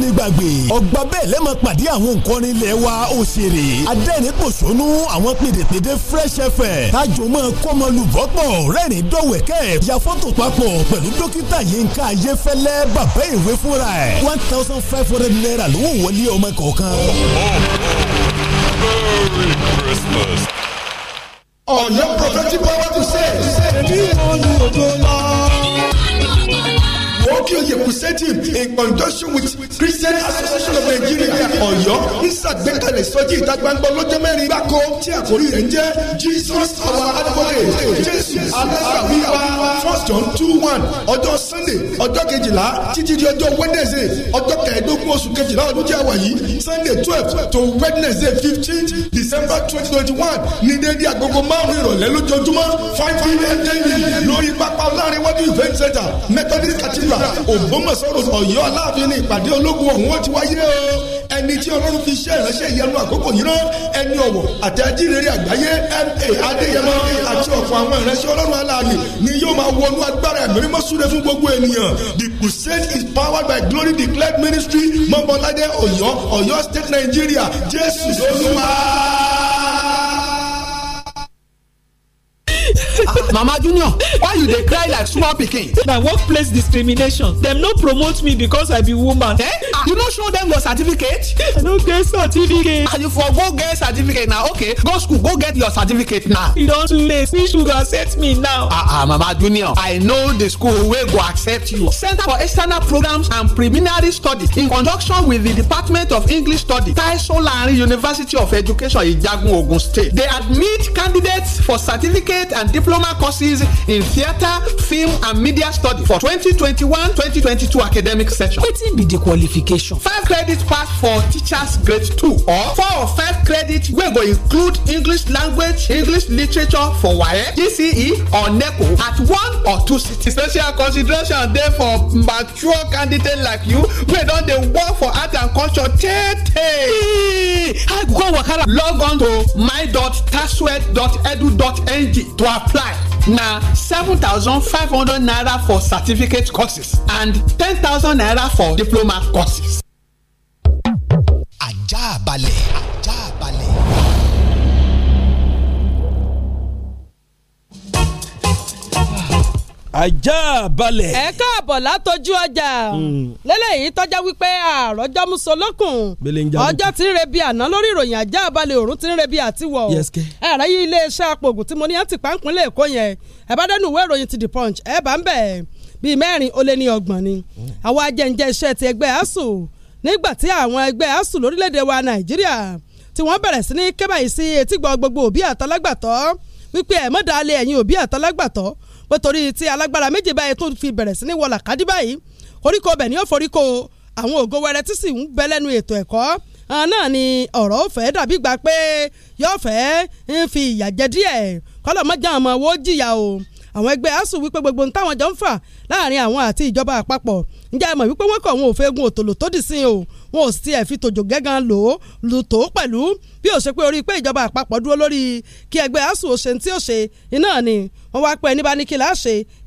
lè gbàgbé ọgbà bẹ́ẹ̀ lẹ́mọ̀ pàdé àwọn nkọrin ilẹ̀ wa òṣèré adẹ́rìn pòṣónú àwọn pèdèpèdè fresh fm tájò mọ́ kọ́mọlúbọ́pọ̀ rẹ́rìn dọ́wẹ̀kẹ́ ya fọ́tò dókítà yínká ayéfẹ́lẹ́ bàbá ìwé fúnra ẹ̀ one thousand five hundred naira lówó wọlé ọmọ kọ̀ọ̀kan. Merry Christmas. Ọ̀yọ́ prophetic power to say. Èmi ò lu òjò lọ. Oki Oye kuseti in conjunction with Christian Association of Nigeria Ọ̀yọ́ ń ṣàgbékalẹ̀ sọ́jí ìta gbangba ọlọ́jọ́ mẹ́rin gbáko tí àkórí rẹ̀ ń jẹ́ Jesus our advocate Jésù alásàwíwá first John two one ọjọ́ Sunday ọjọ́ kejìlá títí di ọjọ́ Wednesday ọjọ́ kẹẹ̀ẹ́dógún oṣù kejìlá ọdún tí a wà yìí Sunday twelve to Wednesday fifteen December twenty twenty one ní déédéé agogo márùn-ún ìrọ̀lẹ́ lójoojúmọ́ five pm daily lórí pápá ọlárinwájú event center Methodist Cathedral ìbàdàn ọ̀yọ́ aláàfin ní ìpàdé ológun ọ̀hún ó ti wáyé o ẹni tí ọlọ́run fi ṣe ìránṣẹ́ ìyanu àkókò yìí rán ẹni ọ̀wọ̀ àti àgbáyé ma adéyẹmọ àti ọ̀pọ̀ àwọn ìránṣẹ́ ọlọ́run aláàbì ni yóò máa wọnú agbára ẹ̀mí mímọ́ fún gbogbo ènìyàn the crusade is powered by glory declared ministry mọ́bọ́ládé ọ̀yọ́ ọ̀yọ́ state nigeria jésù lóluwà. mama junior why you dey cry like small pikin na workplace discrimination dem no promote me because i be woman eh ah, you no show dem your certificate i no get certificate and ah, you for go get certificate na okay go school go get your certificate now e don too late which school go accept me now ah ah mama junior i know the school wey go accept you center for external programs and preliminary studies in conjunction with the department of english studies taisolari university of education ijagun ogun state dey admit candidates for certificate and diploma diploma courses in theatre film and media studies for 2021-2022 academic session. wetin be di qualification? five credit pass for teachers grade two or four or five credit wey go include english language english literature for waye gce or neco at one or two cities. special consideration dey for mature candidates like you wey don dey work for art and culture tey tey. i go wakala. log on to my.tasweb.edu.ng to apply apply na seven thousand five hundred naira for certificate courses and ten thousand naira for diploma courses. ajá balẹ̀ ajá balẹ̀. ajá balẹ̀. ẹ káàbọ̀ látọjú ọjà hmm. lélẹ́yìí tọ́já wípé àròjọ́ musolókun ọjọ́ tí ń rebi àná lórí ìròyìn ajá balẹ̀ òórùn tí ń rebi àtiwọ̀ ẹ̀rọ yìí iléeṣẹ́ apògùn tí mo ní àti pàǹpínlẹ̀ èkó yẹn ẹ bá dẹnu ìwé ìròyìn ti the punch ẹ bá ń bẹ̀ bíi mẹ́rin ó lé ní ọgbọ̀n ni hmm. àwọn ajẹ́njẹ́ iṣẹ́ ti ẹgbẹ́ asuu nígbà tí àwọn ẹgbẹ́ asuu lórílẹ̀ wa nàìjíríà tí wọ́n bẹ̀rẹ̀ sí ní kébàyìí gbogbo òbí àtàlágbàtọ́ wípé ẹ̀ mọ́dàálẹ̀ ẹ̀yin òbí àtàlágbàtọ́ nítorí tí alágbára méjì báyìí tó fi bẹ̀rẹ̀ sí ní wọlà kádí báyìí koríko bẹ̀ ni ó foríko àwọn ògo wẹrẹ tí sì ń bẹ lẹ́nu ètò ẹ̀kọ́ náà ni ọ̀rọ̀ ó fẹ́ dàbí gbà pé yóò fẹ́ ń fi ìyà jẹ díẹ̀ kọ́lọ́mọ́jà àmọ́ wo jìyà o àwọn ẹgbẹ́ asuu wípé gbogbo ní táwọn jọ ń fà láàrin àwọn àti ìjọba àpapọ̀ ǹjẹ́ ẹ mọ̀ wípé wọ́n kọ̀ wọn ò fẹ́ gun òtòlò tó dì sí o wọn ò tiẹ̀ fi tòjò gẹ́gàn lò ó lù tó pẹ̀lú bí ó ṣe pé orí pé ìjọba àpapọ̀ dúró lórí kí ẹgbẹ́ asuu ṣe tí ó ṣe iná ni wọ́n wá pẹ́ ẹni kí láà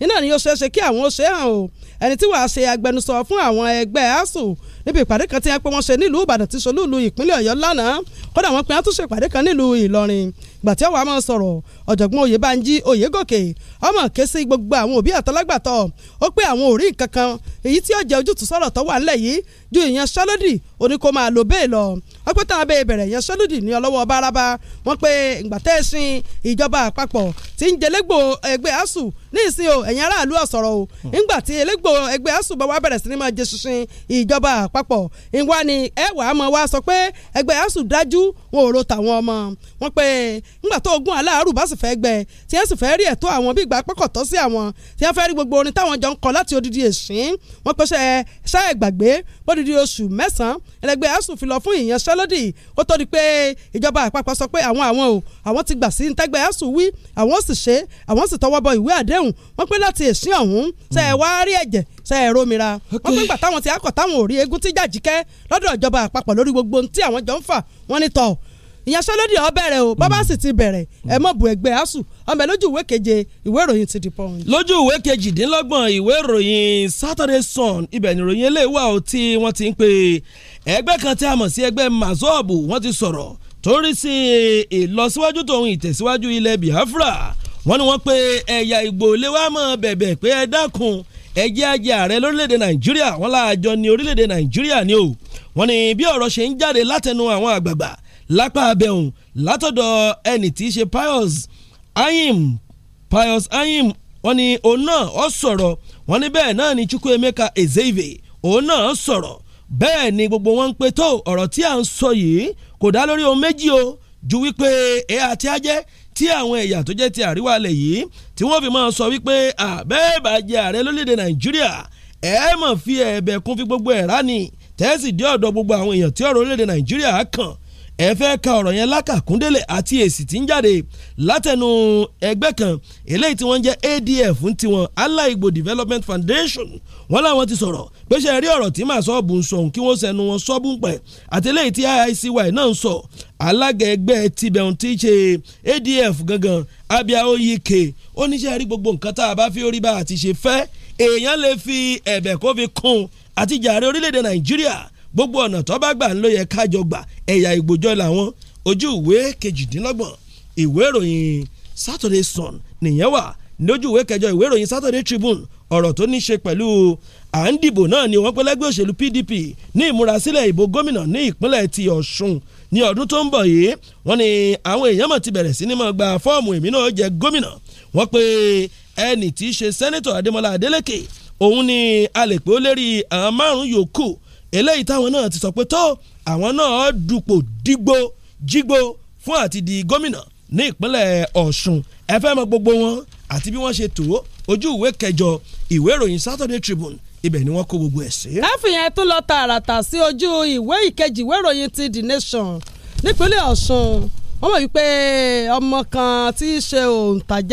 iná ni yóò ṣe é ṣe kí àwọn ó ṣe é hàn o ẹni tí wàá ṣe agbẹnusọ fún àwọn ẹgbẹ́ asuu níbi ìpàdé kan tí wọ́n pé wọ́n ṣe nílùú ìbàdàn ti solúùlù ìpínlẹ̀ ọ̀yọ́ lánàá kódà wọ́n pe àtúnṣe ìpàdé kan nílùú ìlọrin gbàtí ọwọ́ a máa sọ̀rọ̀ ọ̀jọ̀gbọ́n oyèbánjí oyègòkè ọmọ ké sí gbogbo àwọn òbí àtàlágbàtọ́ ó pé àwọn ò rí nǹkan kan èyí tí ó ojútùú sọ̀rọ̀ tó wà nílẹ̀ yìí ju ìyanṣẹ́lódì oníkó máa lò bẹ́ẹ̀ lọ ọpẹ́ táwọn abẹ́ ìbẹ̀rẹ̀ ìyanṣẹ́lódì ní ọlọ́wọ́ báraba wọ́n pé ìgbàtẹ́sìn ìjọba àpapọ̀ ti ń jẹlẹ́gbò ẹgbẹ́ asuu ní ìsìn o ẹ̀yin aráàlú ọ̀sọ̀rọ̀ o hmm. nígbà tí elégbò ẹgbẹ́ asuu bá wá bẹ̀rẹ̀ sí ni máa jẹ ṣinṣin ìjọba àpapọ̀ ìwà ni ẹwà àmọ́ wa sọ pé ẹgbẹ́ asuu dájú wọn ò ro tàwọn ọmọ wọn pé ńgbà tó ogún aláàrù bá sì fẹ́ gbẹ tí wọ́n sì fẹ́ rí ẹ̀tọ́ àwọn bí ìgbà pẹ́kọ̀ sí àwọn tí wọ́n fẹ́ rí gbogbo orin táwọn jọ ń kọ láti odidi èsìn wọn pẹ́ ṣẹ́ gbàgbé bódidi oṣù mẹ́sàn-án ẹlẹgbẹ́ asuu fi lọ fún ìyanṣẹ́lódì ó tó di pé ìjọba àpapọ̀ sọ pé àwọn àwọn o àwọn ti gbà sí ntẹ́gbẹ́ asuu wí àwọn sì ṣe àwọn sì tọwọ́ bọ ìwé àdéhùn wọn pé láti èsìn ọ̀hún tí jàjíkẹ́ lọ́dọ̀ ìjọba àpapọ̀ lórí gbogbo ohun tí àwọn jọ ń fà wọ́n ní tọ̀ ìyanṣẹ́lódì ó o bàbá sì ti bẹ̀rẹ̀ ẹ mọ̀ bu ẹgbẹ́ asuu ọmọ lójú ìwé keje ìwé ìròyìn ti di pọ́n. lójú ìwé kejìdínlọ́gbọ̀n ìwé ìròyìn Saturday Sun ibẹ̀ nìròyìn eléwà ó tí wọ́n ti ń pè ẹgbẹ́ kan tí a mọ̀ sí ẹgbẹ́ mazọ́ọ̀bù wọ́n ti sọ̀rọ̀ torí sí ìlọsíwájú tòun ìtẹ̀síwájú ilẹ̀ Biafra wọ́n ní wọ́n pe ẹ̀yà Ìgbò lè mọ̀ bẹ̀bẹ̀ pé ẹ dákun ẹjẹ́ ajé ààrẹ lórílẹ̀‐èdè nàìjíríà wọ́n láàjọ ní orílẹ̀‐èdè nàìjíríà ni o wọ́n ní bí ọ̀rọ̀ ṣe ń jáde látẹnu àwọn àgbààgbà lápá abẹ́hùn látọ̀dọ̀ ẹni tí í ṣe pius ayim pius ayim wọ́n ní òun náà ó sọ̀rọ̀ wọ́n ní bẹ́ẹ̀ náà ni Emeka ezeive òun náà sọ̀rọ̀ bẹ́ẹ̀ ni gbogbo wọn ń pe tó ọ̀rọ̀ tí à ń sọ yìí kò dá lórí ohun méjì o ju wípé ẹ̀ àti ajẹ́ tí àwọn ẹ̀yà tó jẹ́ ti àríwá alẹ̀ yìí tí wọ́n fi máa sọ wípé àbẹ́ẹ̀ bá jẹ ààrẹ lórílẹ̀‐èdè nàìjíríà ẹ mọ̀ fi ẹ̀bẹ̀ kún fi gbogbo ẹ̀ rání tẹ́sí dé ọ̀dọ̀ gbogbo àwọn èèyàn tí ọ̀rọ̀ orílẹ̀‐èdè nàìjíríà kàn ẹ fẹ́ ka ọ̀rọ̀ yẹn lákàkúndélẹ̀ àti èsì tí ń jáde látẹnu ẹgbẹ́ kan eléyìí tí wọ́n jẹ́ ADF ń tiwọn Allah Igbo Development Foundation wọ́n láwọn ti sọ̀rọ̀ pé ṣe rí ọ̀rọ̀ tí màá sọ bù ń sọ kí wọ́n sẹnu wọn sọ bù ń pẹ̀ àti eléyìí tí IICY náà ń sọ alága ẹgbẹ́ tibẹ̀hún ti ṣe ADF gangan Abia Oyike ó ní ṣe rí gbogbo nǹkan tá a bá fi orí bá àti ṣe fẹ́ èèyàn lè fi ẹ̀bẹ̀ kó fi kún àti jàre orílẹ̀-èdè Nàìjíríà gbogbo ọ̀nà tó bá gbà ń ló yẹ kájọ gbà ẹ̀yà ìgbòjọ làwọn ojú ìwé kejìdínlọ́gbọ̀n ìwé ìròyìn Saturday Sun nìyẹn wà lójú ìwé kẹjọ ìwé ìròyìn Saturday Tribune ọ̀rọ̀ tó ní ṣe pẹ̀lú à ń dìbò náà ni wọ́n pẹ́ lẹ́gbẹ́ òṣèlú PDP ní ìmúrasílẹ̀ ìbò gómìnà ní ìpínlẹ̀ ti Ọ̀ṣun ní ọdún tó ń bọ̀ yìí wọ́n ní àwọn èèyàn mọ̀ ti bẹ̀rẹ̀ sí ní máa gba fọ́ọ̀mù èmi náà jẹ́ gómìnà wọ́n pe ẹnì tí í ṣe sẹ́nẹ́tọ̀ Adémọ́lá Adélékè òun ni a ó lérí àwọn márùn-ún yòókù eléyìí táwọn náà ti sọ pé tó àwọn náà dupò dígbò jígbò fún àti di gómìnà ní ìpínlẹ̀ Ọ̀ṣun ẹ fẹ́ mọ gbogbo wọn àti bí wọ́n ṣe tó ojú ìwé kẹjọ ìwé ìròyìn Saturday Tribune ibẹ̀ ni wọ́n kó gbogbo ẹ̀ sí. káfíyàn tún lọ tààràtà sí ojú ìwé ìkejì ìwé ìròyìn ti The Nation nípínlẹ̀ Ọ̀ṣun wọ́n mọ̀ wípé ọmọ kan tí ṣe òǹtajà